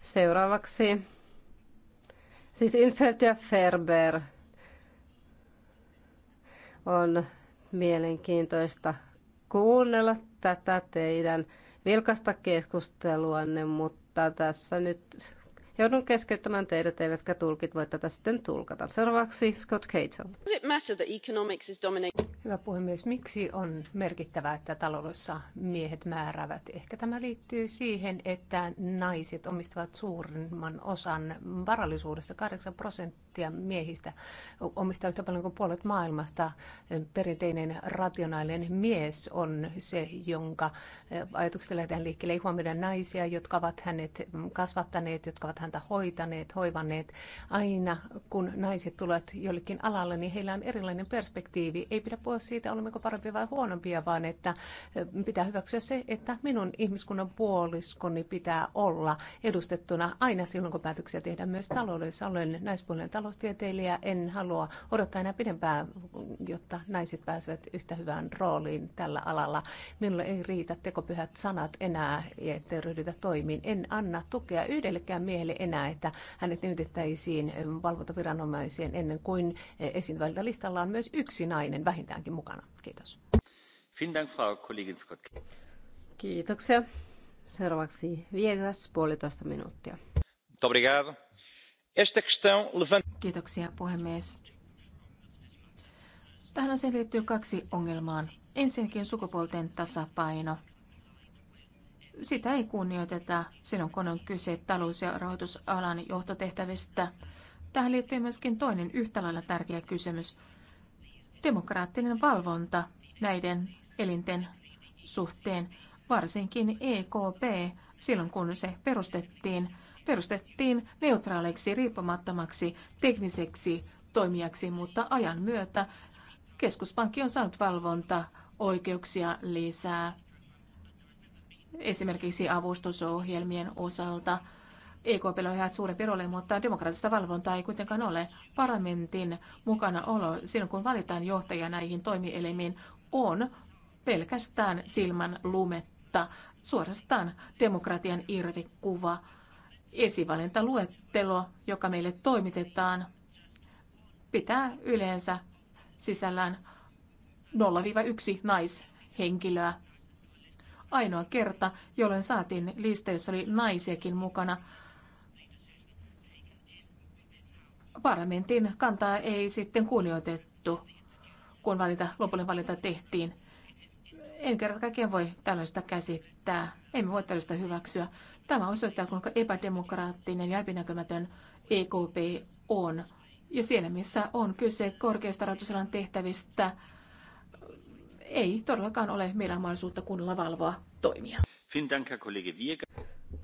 Seuraavaksi siis Infeld ja Ferber on mielenkiintoista kuunnella tätä teidän vilkasta keskusteluanne, mutta tässä nyt Joudun keskeyttämään teidät, eivätkä tulkit voi tätä sitten tulkata. Seuraavaksi Scott Cato. Hyvä puhemies, miksi on merkittävää, että taloudessa miehet määräävät? Ehkä tämä liittyy siihen, että naiset omistavat suurimman osan varallisuudesta, 8 prosenttia miehistä omistaa yhtä paljon kuin puolet maailmasta. Perinteinen rationaalinen mies on se, jonka ajatuksesta lähdetään liikkeelle. Ei huomioida naisia, jotka ovat hänet kasvattaneet, jotka ovat häntä hoitaneet, hoivanneet. Aina kun naiset tulevat jollekin alalle, niin heillä on erilainen perspektiivi. Ei pidä puhua siitä, olemmeko parempia vai huonompia, vaan että pitää hyväksyä se, että minun ihmiskunnan puoliskoni pitää olla edustettuna aina silloin, kun päätöksiä tehdään myös taloudessa. Olen naispuolinen taloustieteilijä, en halua odottaa enää pidempään, jotta naiset pääsevät yhtä hyvään rooliin tällä alalla. Minulle ei riitä tekopyhät sanat enää, että ryhdytä toimiin. En anna tukea yhdellekään miehelle, meille enää, että hänet nimitettäisiin valvontaviranomaisiin ennen kuin esiintyvällä listalla on myös yksi nainen vähintäänkin mukana. Kiitos. Kiitoksia. Seuraavaksi vieväs puolitoista minuuttia. Kiitoksia puhemies. Tähän asiaan liittyy kaksi ongelmaa. Ensinnäkin sukupuolten tasapaino – sitä ei kunnioiteta silloin, kun on kyse talous- ja rahoitusalan johtotehtävistä. Tähän liittyy myöskin toinen yhtä lailla tärkeä kysymys. Demokraattinen valvonta näiden elinten suhteen, varsinkin EKP, silloin kun se perustettiin, perustettiin neutraaliksi, riippumattomaksi, tekniseksi toimijaksi, mutta ajan myötä keskuspankki on saanut valvonta oikeuksia lisää esimerkiksi avustusohjelmien osalta. EKP on ihan suurempi rooli, mutta demokraattista valvontaa ei kuitenkaan ole. Parlamentin mukana olo, silloin, kun valitaan johtaja näihin toimielimiin, on pelkästään silmän lumetta, suorastaan demokratian irvikuva. Esivalintaluettelo, joka meille toimitetaan, pitää yleensä sisällään 0-1 naishenkilöä ainoa kerta, jolloin saatiin lista, jossa oli naisiakin mukana. Parlamentin kantaa ei sitten kunnioitettu, kun valinta, lopullinen valinta tehtiin. En kerta kaikkiaan voi tällaista käsittää. Emme voi tällaista hyväksyä. Tämä osoittaa, kuinka epädemokraattinen ja epinäkymätön EKP on. Ja siellä, missä on kyse korkeista rahoitusalan tehtävistä, ei todellakaan ole meillä mahdollisuutta kunnolla valvoa toimia.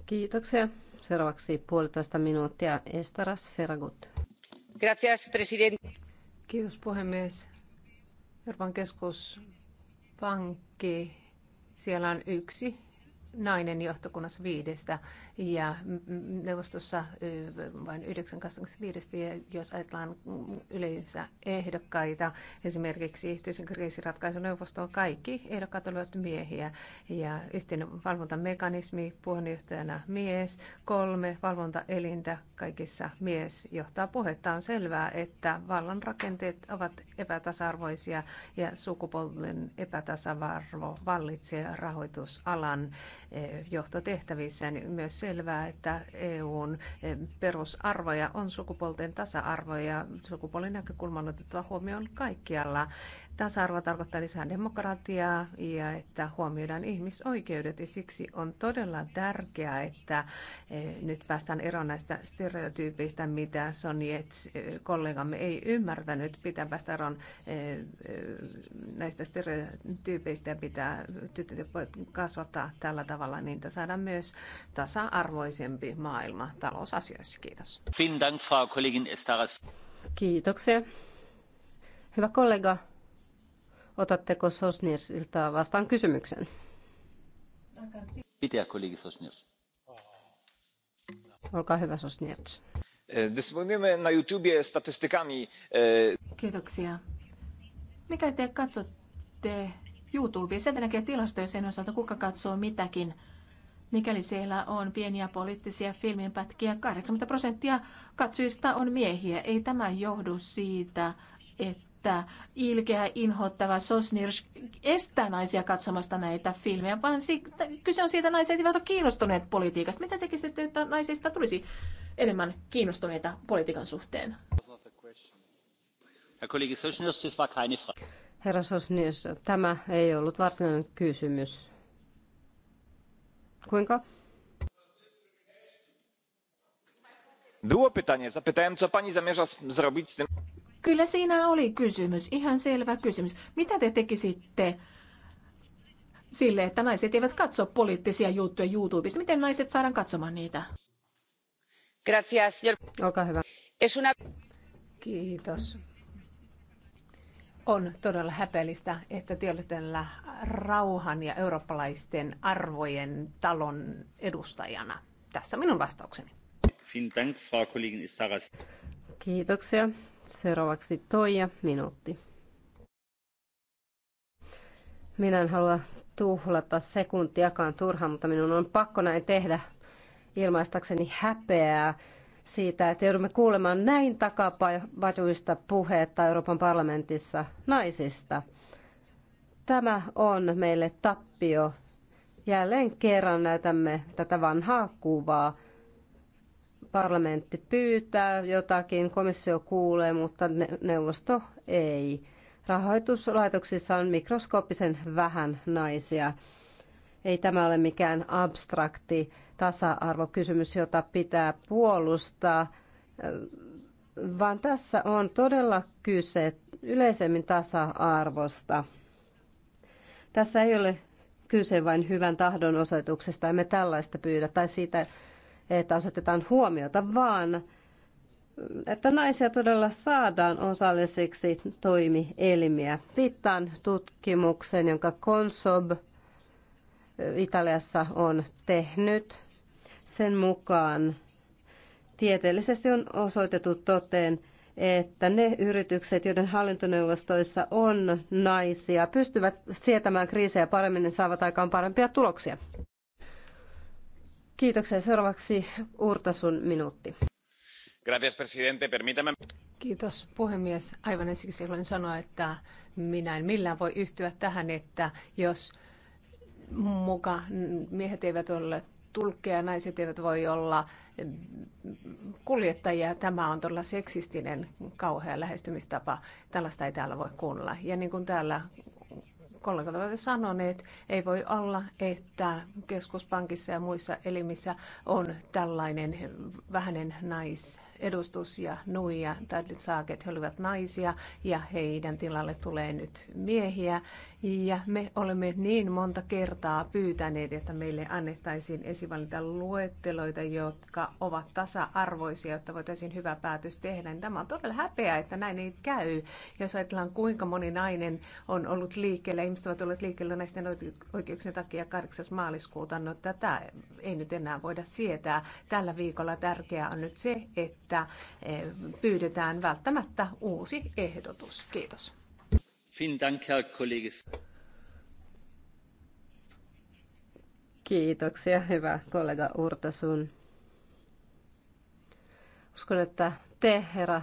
Kiitoksia. Seuraavaksi puolitoista minuuttia Estaras Feragut. Gracias, presidente. Kiitos puhemies. Euroopan keskuspankki, siellä on yksi nainen johtokunnassa viidestä ja neuvostossa vain 925. Ja jos ajatellaan yleensä ehdokkaita, esimerkiksi yhteisen on kaikki ehdokkaat olivat miehiä ja yhteinen valvontamekanismi, puheenjohtajana mies, kolme valvontaelintä, kaikissa mies johtaa puhetta. On selvää, että vallan rakenteet ovat epätasa-arvoisia ja sukupolven epätasavarvo vallitsee rahoitusalan niin Myös selvää, että EUn eh, perusarvoja on sukupuolten tasa-arvo ja sukupuolen on otettava huomioon kaikkialla. Tasa-arvo tarkoittaa lisää demokratiaa ja että huomioidaan ihmisoikeudet ja siksi on todella tärkeää, että eh, nyt päästään eroon näistä stereotyypeistä, mitä Sonjets eh, kollegamme ei ymmärtänyt. Pitää päästä eroon eh, näistä stereotyypeistä ja pitää tytöt kasvattaa tällä tavalla, niin että saadaan myös tasa-arvoisempi maailma talousasioissa. Kiitos. Kiitoksia. Hyvä kollega, Otatteko Sosnirsilta vastaan kysymyksen? Pitää kollegi Sosnirs. Olkaa hyvä Sosnirs. Eh, dysponujemy na YouTubie statystykami. Eh, Kiitoksia. Mikä te katsotte YouTubea? Sieltä näkee tilastoja sen osalta, kuka katsoo mitäkin. Mikäli siellä on pieniä poliittisia filminpätkiä, 80 prosenttia katsojista on miehiä. Ei tämä johdu siitä, että että ilkeä, inhottava Sosnirs estää naisia katsomasta näitä filmejä, vaan kyse on siitä, että naiset eivät ole kiinnostuneet politiikasta. Mitä tekisitte, että naisista tulisi enemmän kiinnostuneita politiikan suhteen? Herra Sosnirsk, tämä ei ollut varsinainen kysymys. Kuinka? Było pytanie. Zapytałem, co pani zamierza zrobić z tym. Kyllä siinä oli kysymys, ihan selvä kysymys. Mitä te tekisitte sille, että naiset eivät katso poliittisia juttuja YouTubesta? Miten naiset saadaan katsomaan niitä? Gracias. Olkaa hyvä. Kiitos. On todella häpeellistä, että te olette tällä rauhan ja eurooppalaisten arvojen talon edustajana. Tässä minun vastaukseni. Kiitoksia. Seuraavaksi Toija, minuutti. Minä en halua tuhlata sekuntiakaan turhaan, mutta minun on pakko näin tehdä ilmaistakseni häpeää siitä, että joudumme kuulemaan näin takapajuista puhetta Euroopan parlamentissa naisista. Tämä on meille tappio. Jälleen kerran näytämme tätä vanhaa kuvaa parlamentti pyytää jotakin, komissio kuulee, mutta neuvosto ei. Rahoituslaitoksissa on mikroskooppisen vähän naisia. Ei tämä ole mikään abstrakti tasa-arvokysymys, jota pitää puolustaa, vaan tässä on todella kyse yleisemmin tasa-arvosta. Tässä ei ole kyse vain hyvän tahdon osoituksesta, emme tällaista pyydä, tai siitä, että osoitetaan huomiota, vaan että naisia todella saadaan osallisiksi toimielimiä. Viittaan tutkimuksen, jonka Consob Italiassa on tehnyt. Sen mukaan tieteellisesti on osoitettu toteen, että ne yritykset, joiden hallintoneuvostoissa on naisia, pystyvät sietämään kriisejä paremmin ja saavat aikaan parempia tuloksia. Kiitoksia. Seuraavaksi Urtasun minuutti. Gracias, presidente. Permítame... Kiitos puhemies. Aivan ensiksi haluan sanoa, että minä en millään voi yhtyä tähän, että jos muka miehet eivät ole tulkkeja, naiset eivät voi olla kuljettajia. Tämä on todella seksistinen kauhea lähestymistapa. Tällaista ei täällä voi kuunnella. Ja niin kuin täällä kollegat ovat sanoneet, ei voi olla, että keskuspankissa ja muissa elimissä on tällainen vähäinen nais edustus ja Nuija Tadlit Saaket, he olivat naisia ja heidän tilalle tulee nyt miehiä. Ja me olemme niin monta kertaa pyytäneet, että meille annettaisiin esivalinta luetteloita, jotka ovat tasa-arvoisia, jotta voitaisiin hyvä päätös tehdä. Niin tämä on todella häpeä, että näin ei käy. Jos ajatellaan, kuinka moni nainen on ollut liikkeellä, ihmiset ovat olleet liikkeellä näisten oikeuksien takia 8. maaliskuuta, no tätä ei nyt enää voida sietää. Tällä viikolla tärkeää on nyt se, että että eh, pyydetään välttämättä uusi ehdotus. Kiitos. Kiitoksia, hyvä kollega Urtasun. Uskon, että te, herra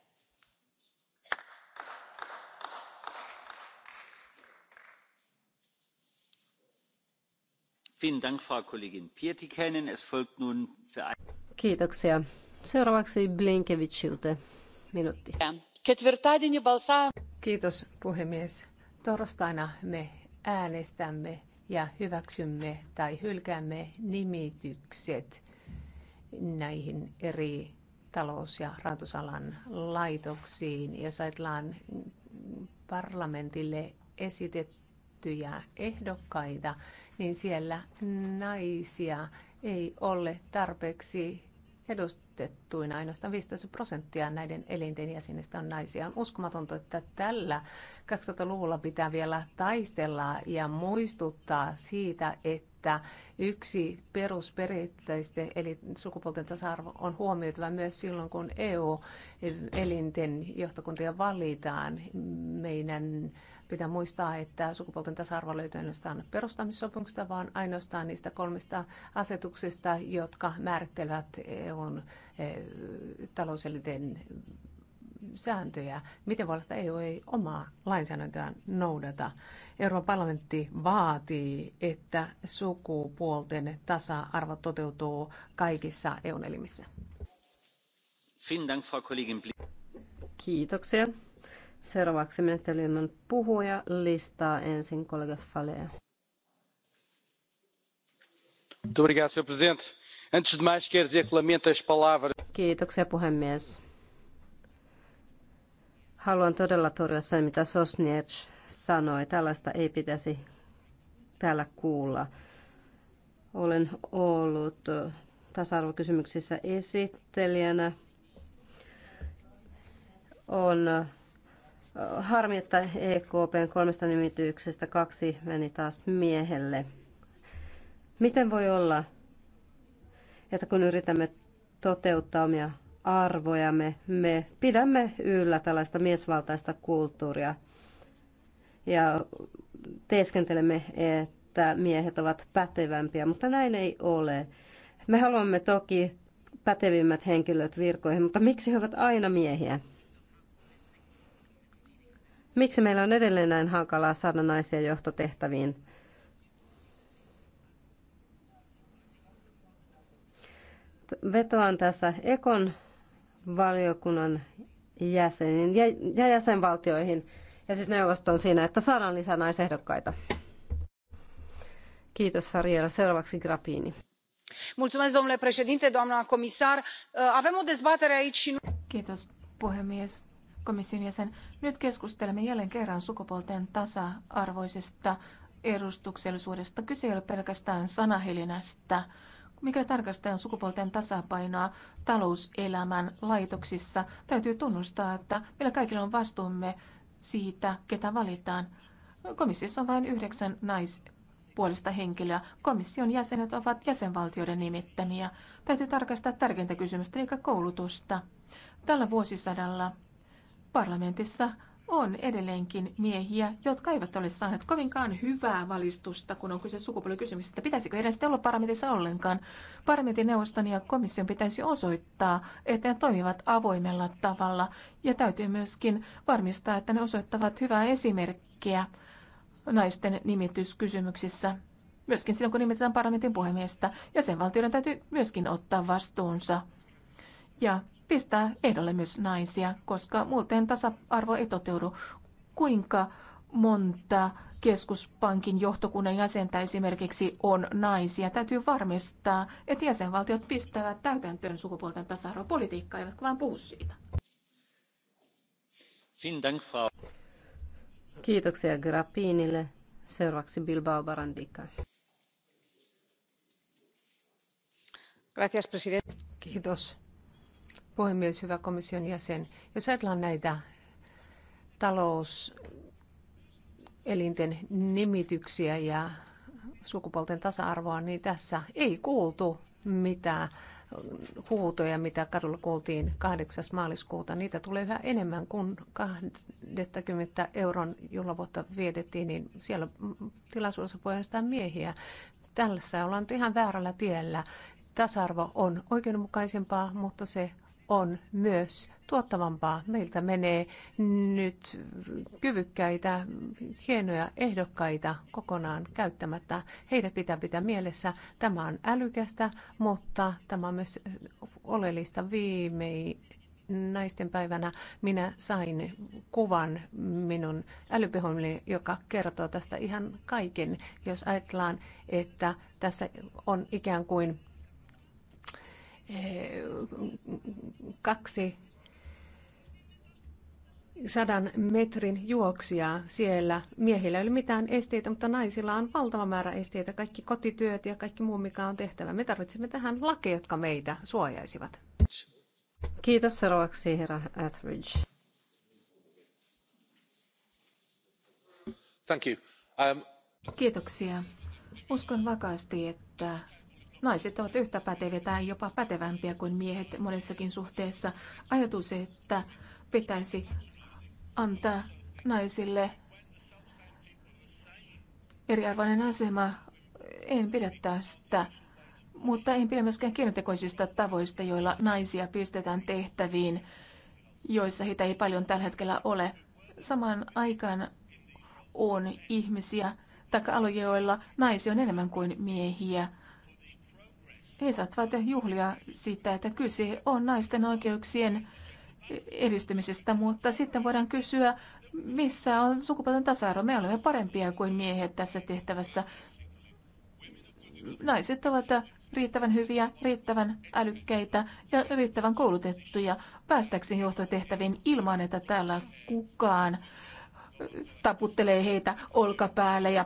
Kiitoksia. Seuraavaksi Kiitos puhemies. Torstaina me äänestämme ja hyväksymme tai hylkäämme nimitykset näihin eri talous- ja rahoitusalan laitoksiin. Jos ajatellaan parlamentille esitettyjä ehdokkaita, niin siellä naisia ei ole tarpeeksi edustettuina. Ainoastaan 15 prosenttia näiden elinten jäsenistä on naisia. On uskomatonta, että tällä 2000-luvulla pitää vielä taistella ja muistuttaa siitä, että yksi perusperiaatteista, eli sukupuolten tasa-arvo, on huomioitava myös silloin, kun EU-elinten johtokuntia valitaan. Meidän Pitää muistaa, että sukupuolten tasa-arvo löytyy ainoastaan perustamissopimuksesta, vaan ainoastaan niistä kolmesta asetuksesta, jotka määrittelevät EUn eh, talouselinten sääntöjä. Miten voi olla, että EU ei omaa lainsäädäntöään noudata? Euroopan parlamentti vaatii, että sukupuolten tasa-arvo toteutuu kaikissa EUn elimissä. Kiitoksia. Seuraavaksi menettelymän puhuja listaa ensin kollega Falea. Kiitoksia puhemies. Haluan todella torjua sen, mitä Sosniec sanoi. Tällaista ei pitäisi täällä kuulla. Olen ollut tasa-arvokysymyksissä esittelijänä. On Harmi, että EKPn kolmesta nimityksestä kaksi meni taas miehelle. Miten voi olla, että kun yritämme toteuttaa omia arvojamme, me pidämme yllä tällaista miesvaltaista kulttuuria ja teeskentelemme, että miehet ovat pätevämpiä, mutta näin ei ole. Me haluamme toki pätevimmät henkilöt virkoihin, mutta miksi he ovat aina miehiä? Miksi meillä on edelleen näin hankalaa saada naisia johtotehtäviin? Vetoan tässä Ekon valiokunnan jäseniin ja jäsenvaltioihin ja siis neuvostoon siinä, että saadaan lisää naisehdokkaita. Kiitos Fariela. Seuraavaksi Grappini. Mulțumesc, domnule președinte, doamna comisar. Avem o dezbatere aici și... Kiitos, puhemies komission jäsen. Nyt keskustelemme jälleen kerran sukupuolten tasa-arvoisesta edustuksellisuudesta. Kyse ei ole pelkästään sanahelinästä. Mikä tarkastellaan sukupuolten tasapainoa talouselämän laitoksissa, täytyy tunnustaa, että meillä kaikilla on vastuumme siitä, ketä valitaan. Komissiossa on vain yhdeksän naispuolista henkilöä. Komission jäsenet ovat jäsenvaltioiden nimittämiä. Täytyy tarkastaa tärkeintä kysymystä, eli koulutusta. Tällä vuosisadalla parlamentissa on edelleenkin miehiä, jotka eivät ole saaneet kovinkaan hyvää valistusta, kun on kyse sukupuolikysymyksestä. Pitäisikö heidän sitten olla parlamentissa ollenkaan? Parlamentin neuvoston ja komission pitäisi osoittaa, että ne toimivat avoimella tavalla ja täytyy myöskin varmistaa, että ne osoittavat hyvää esimerkkiä naisten nimityskysymyksissä. Myöskin silloin, kun nimitetään parlamentin puhemiestä, jäsenvaltioiden täytyy myöskin ottaa vastuunsa. Ja pistää ehdolle myös naisia, koska muuten tasa-arvo ei toteudu. Kuinka monta keskuspankin johtokunnan jäsentä esimerkiksi on naisia. Täytyy varmistaa, että jäsenvaltiot pistävät täytäntöön sukupuolten tasa-arvopolitiikkaa, eivätkä vain puhu siitä. Kiitoksia Grappinille. Seuraavaksi Bilbao Barandika. Kiitos puhemies, hyvä komission jäsen. Jos ajatellaan näitä talouselinten nimityksiä ja sukupuolten tasa-arvoa, niin tässä ei kuultu mitään huutoja, mitä kadulla kuultiin 8. maaliskuuta, niitä tulee yhä enemmän kuin 20 euron juhlavuotta vietettiin, niin siellä tilaisuudessa voi äänestää miehiä. Tällä ollaan ihan väärällä tiellä. Tasa-arvo on oikeudenmukaisempaa, mutta se on myös tuottavampaa. Meiltä menee nyt kyvykkäitä, hienoja ehdokkaita kokonaan käyttämättä. Heidät pitää pitää mielessä. Tämä on älykästä, mutta tämä on myös oleellista viimei, naisten päivänä minä sain kuvan minun älypuhelimelle, joka kertoo tästä ihan kaiken. Jos ajatellaan, että tässä on ikään kuin Eh, kaksi sadan metrin juoksijaa siellä. Miehillä ei ole mitään esteitä, mutta naisilla on valtava määrä esteitä. Kaikki kotityöt ja kaikki muu, mikä on tehtävä. Me tarvitsemme tähän lakeja, jotka meitä suojaisivat. Kiitos seuraavaksi herra Etheridge. Thank you. Um... Kiitoksia. Uskon vakaasti, että Naiset ovat yhtä päteviä tai jopa pätevämpiä kuin miehet monessakin suhteessa. Ajatus, että pitäisi antaa naisille eriarvoinen asema, en pidä tästä. Mutta en pidä myöskään keinotekoisista tavoista, joilla naisia pistetään tehtäviin, joissa heitä ei paljon tällä hetkellä ole. Samaan aikaan on ihmisiä, tai aloja, joilla naisia on enemmän kuin miehiä – he saattavat juhlia sitä, että kyse on naisten oikeuksien edistymisestä, mutta sitten voidaan kysyä, missä on sukupuolten tasa-arvo. Me olemme parempia kuin miehet tässä tehtävässä. Naiset ovat riittävän hyviä, riittävän älykkäitä ja riittävän koulutettuja päästäkseen johtotehtäviin ilman, että täällä kukaan taputtelee heitä olkapäälle ja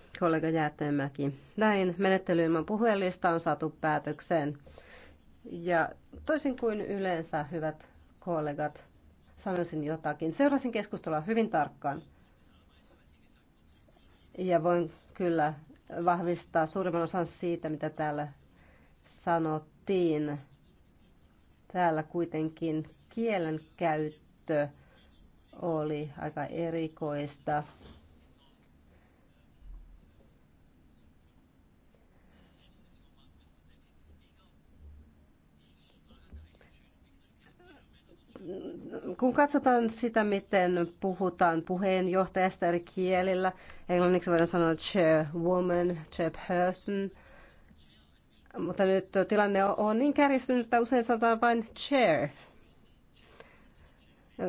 kollega Jäätteenmäki. Näin menettely ilman puhujalista on saatu päätökseen. Ja toisin kuin yleensä, hyvät kollegat, sanoisin jotakin. Seurasin keskustelua hyvin tarkkaan. Ja voin kyllä vahvistaa suurimman osan siitä, mitä täällä sanottiin. Täällä kuitenkin kielen käyttö oli aika erikoista. kun katsotaan sitä, miten puhutaan puheenjohtajasta eri kielillä, englanniksi voidaan sanoa chairwoman, chairperson, mutta nyt tilanne on niin kärjistynyt, että usein sanotaan vain chair.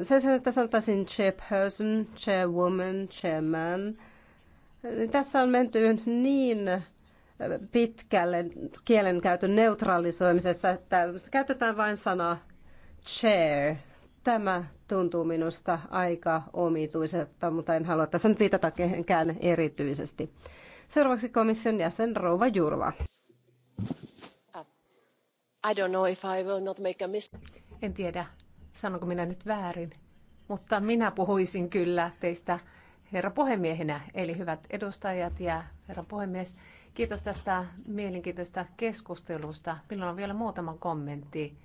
Sen sijaan, että sanotaan chairperson, chairwoman, chairman, niin tässä on menty niin pitkälle kielenkäytön neutralisoimisessa, että käytetään vain sanaa chair – Tämä tuntuu minusta aika omituiselta, mutta en halua tässä nyt viitata kehenkään erityisesti. Seuraavaksi komission jäsen Rouva Jurva. Uh, I don't know if I will not make a En tiedä, sanonko minä nyt väärin, mutta minä puhuisin kyllä teistä herra puhemiehenä, eli hyvät edustajat ja herra puhemies. Kiitos tästä mielenkiintoista keskustelusta. Minulla on vielä muutama kommentti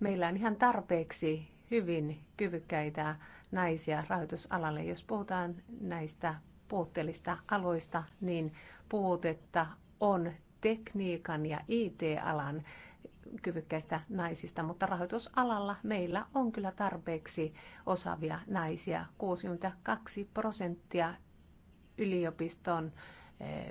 meillä on ihan tarpeeksi hyvin kyvykkäitä naisia rahoitusalalle. Jos puhutaan näistä puutteellista aloista, niin puutetta on tekniikan ja IT-alan kyvykkäistä naisista, mutta rahoitusalalla meillä on kyllä tarpeeksi osaavia naisia. 62 prosenttia yliopiston eh,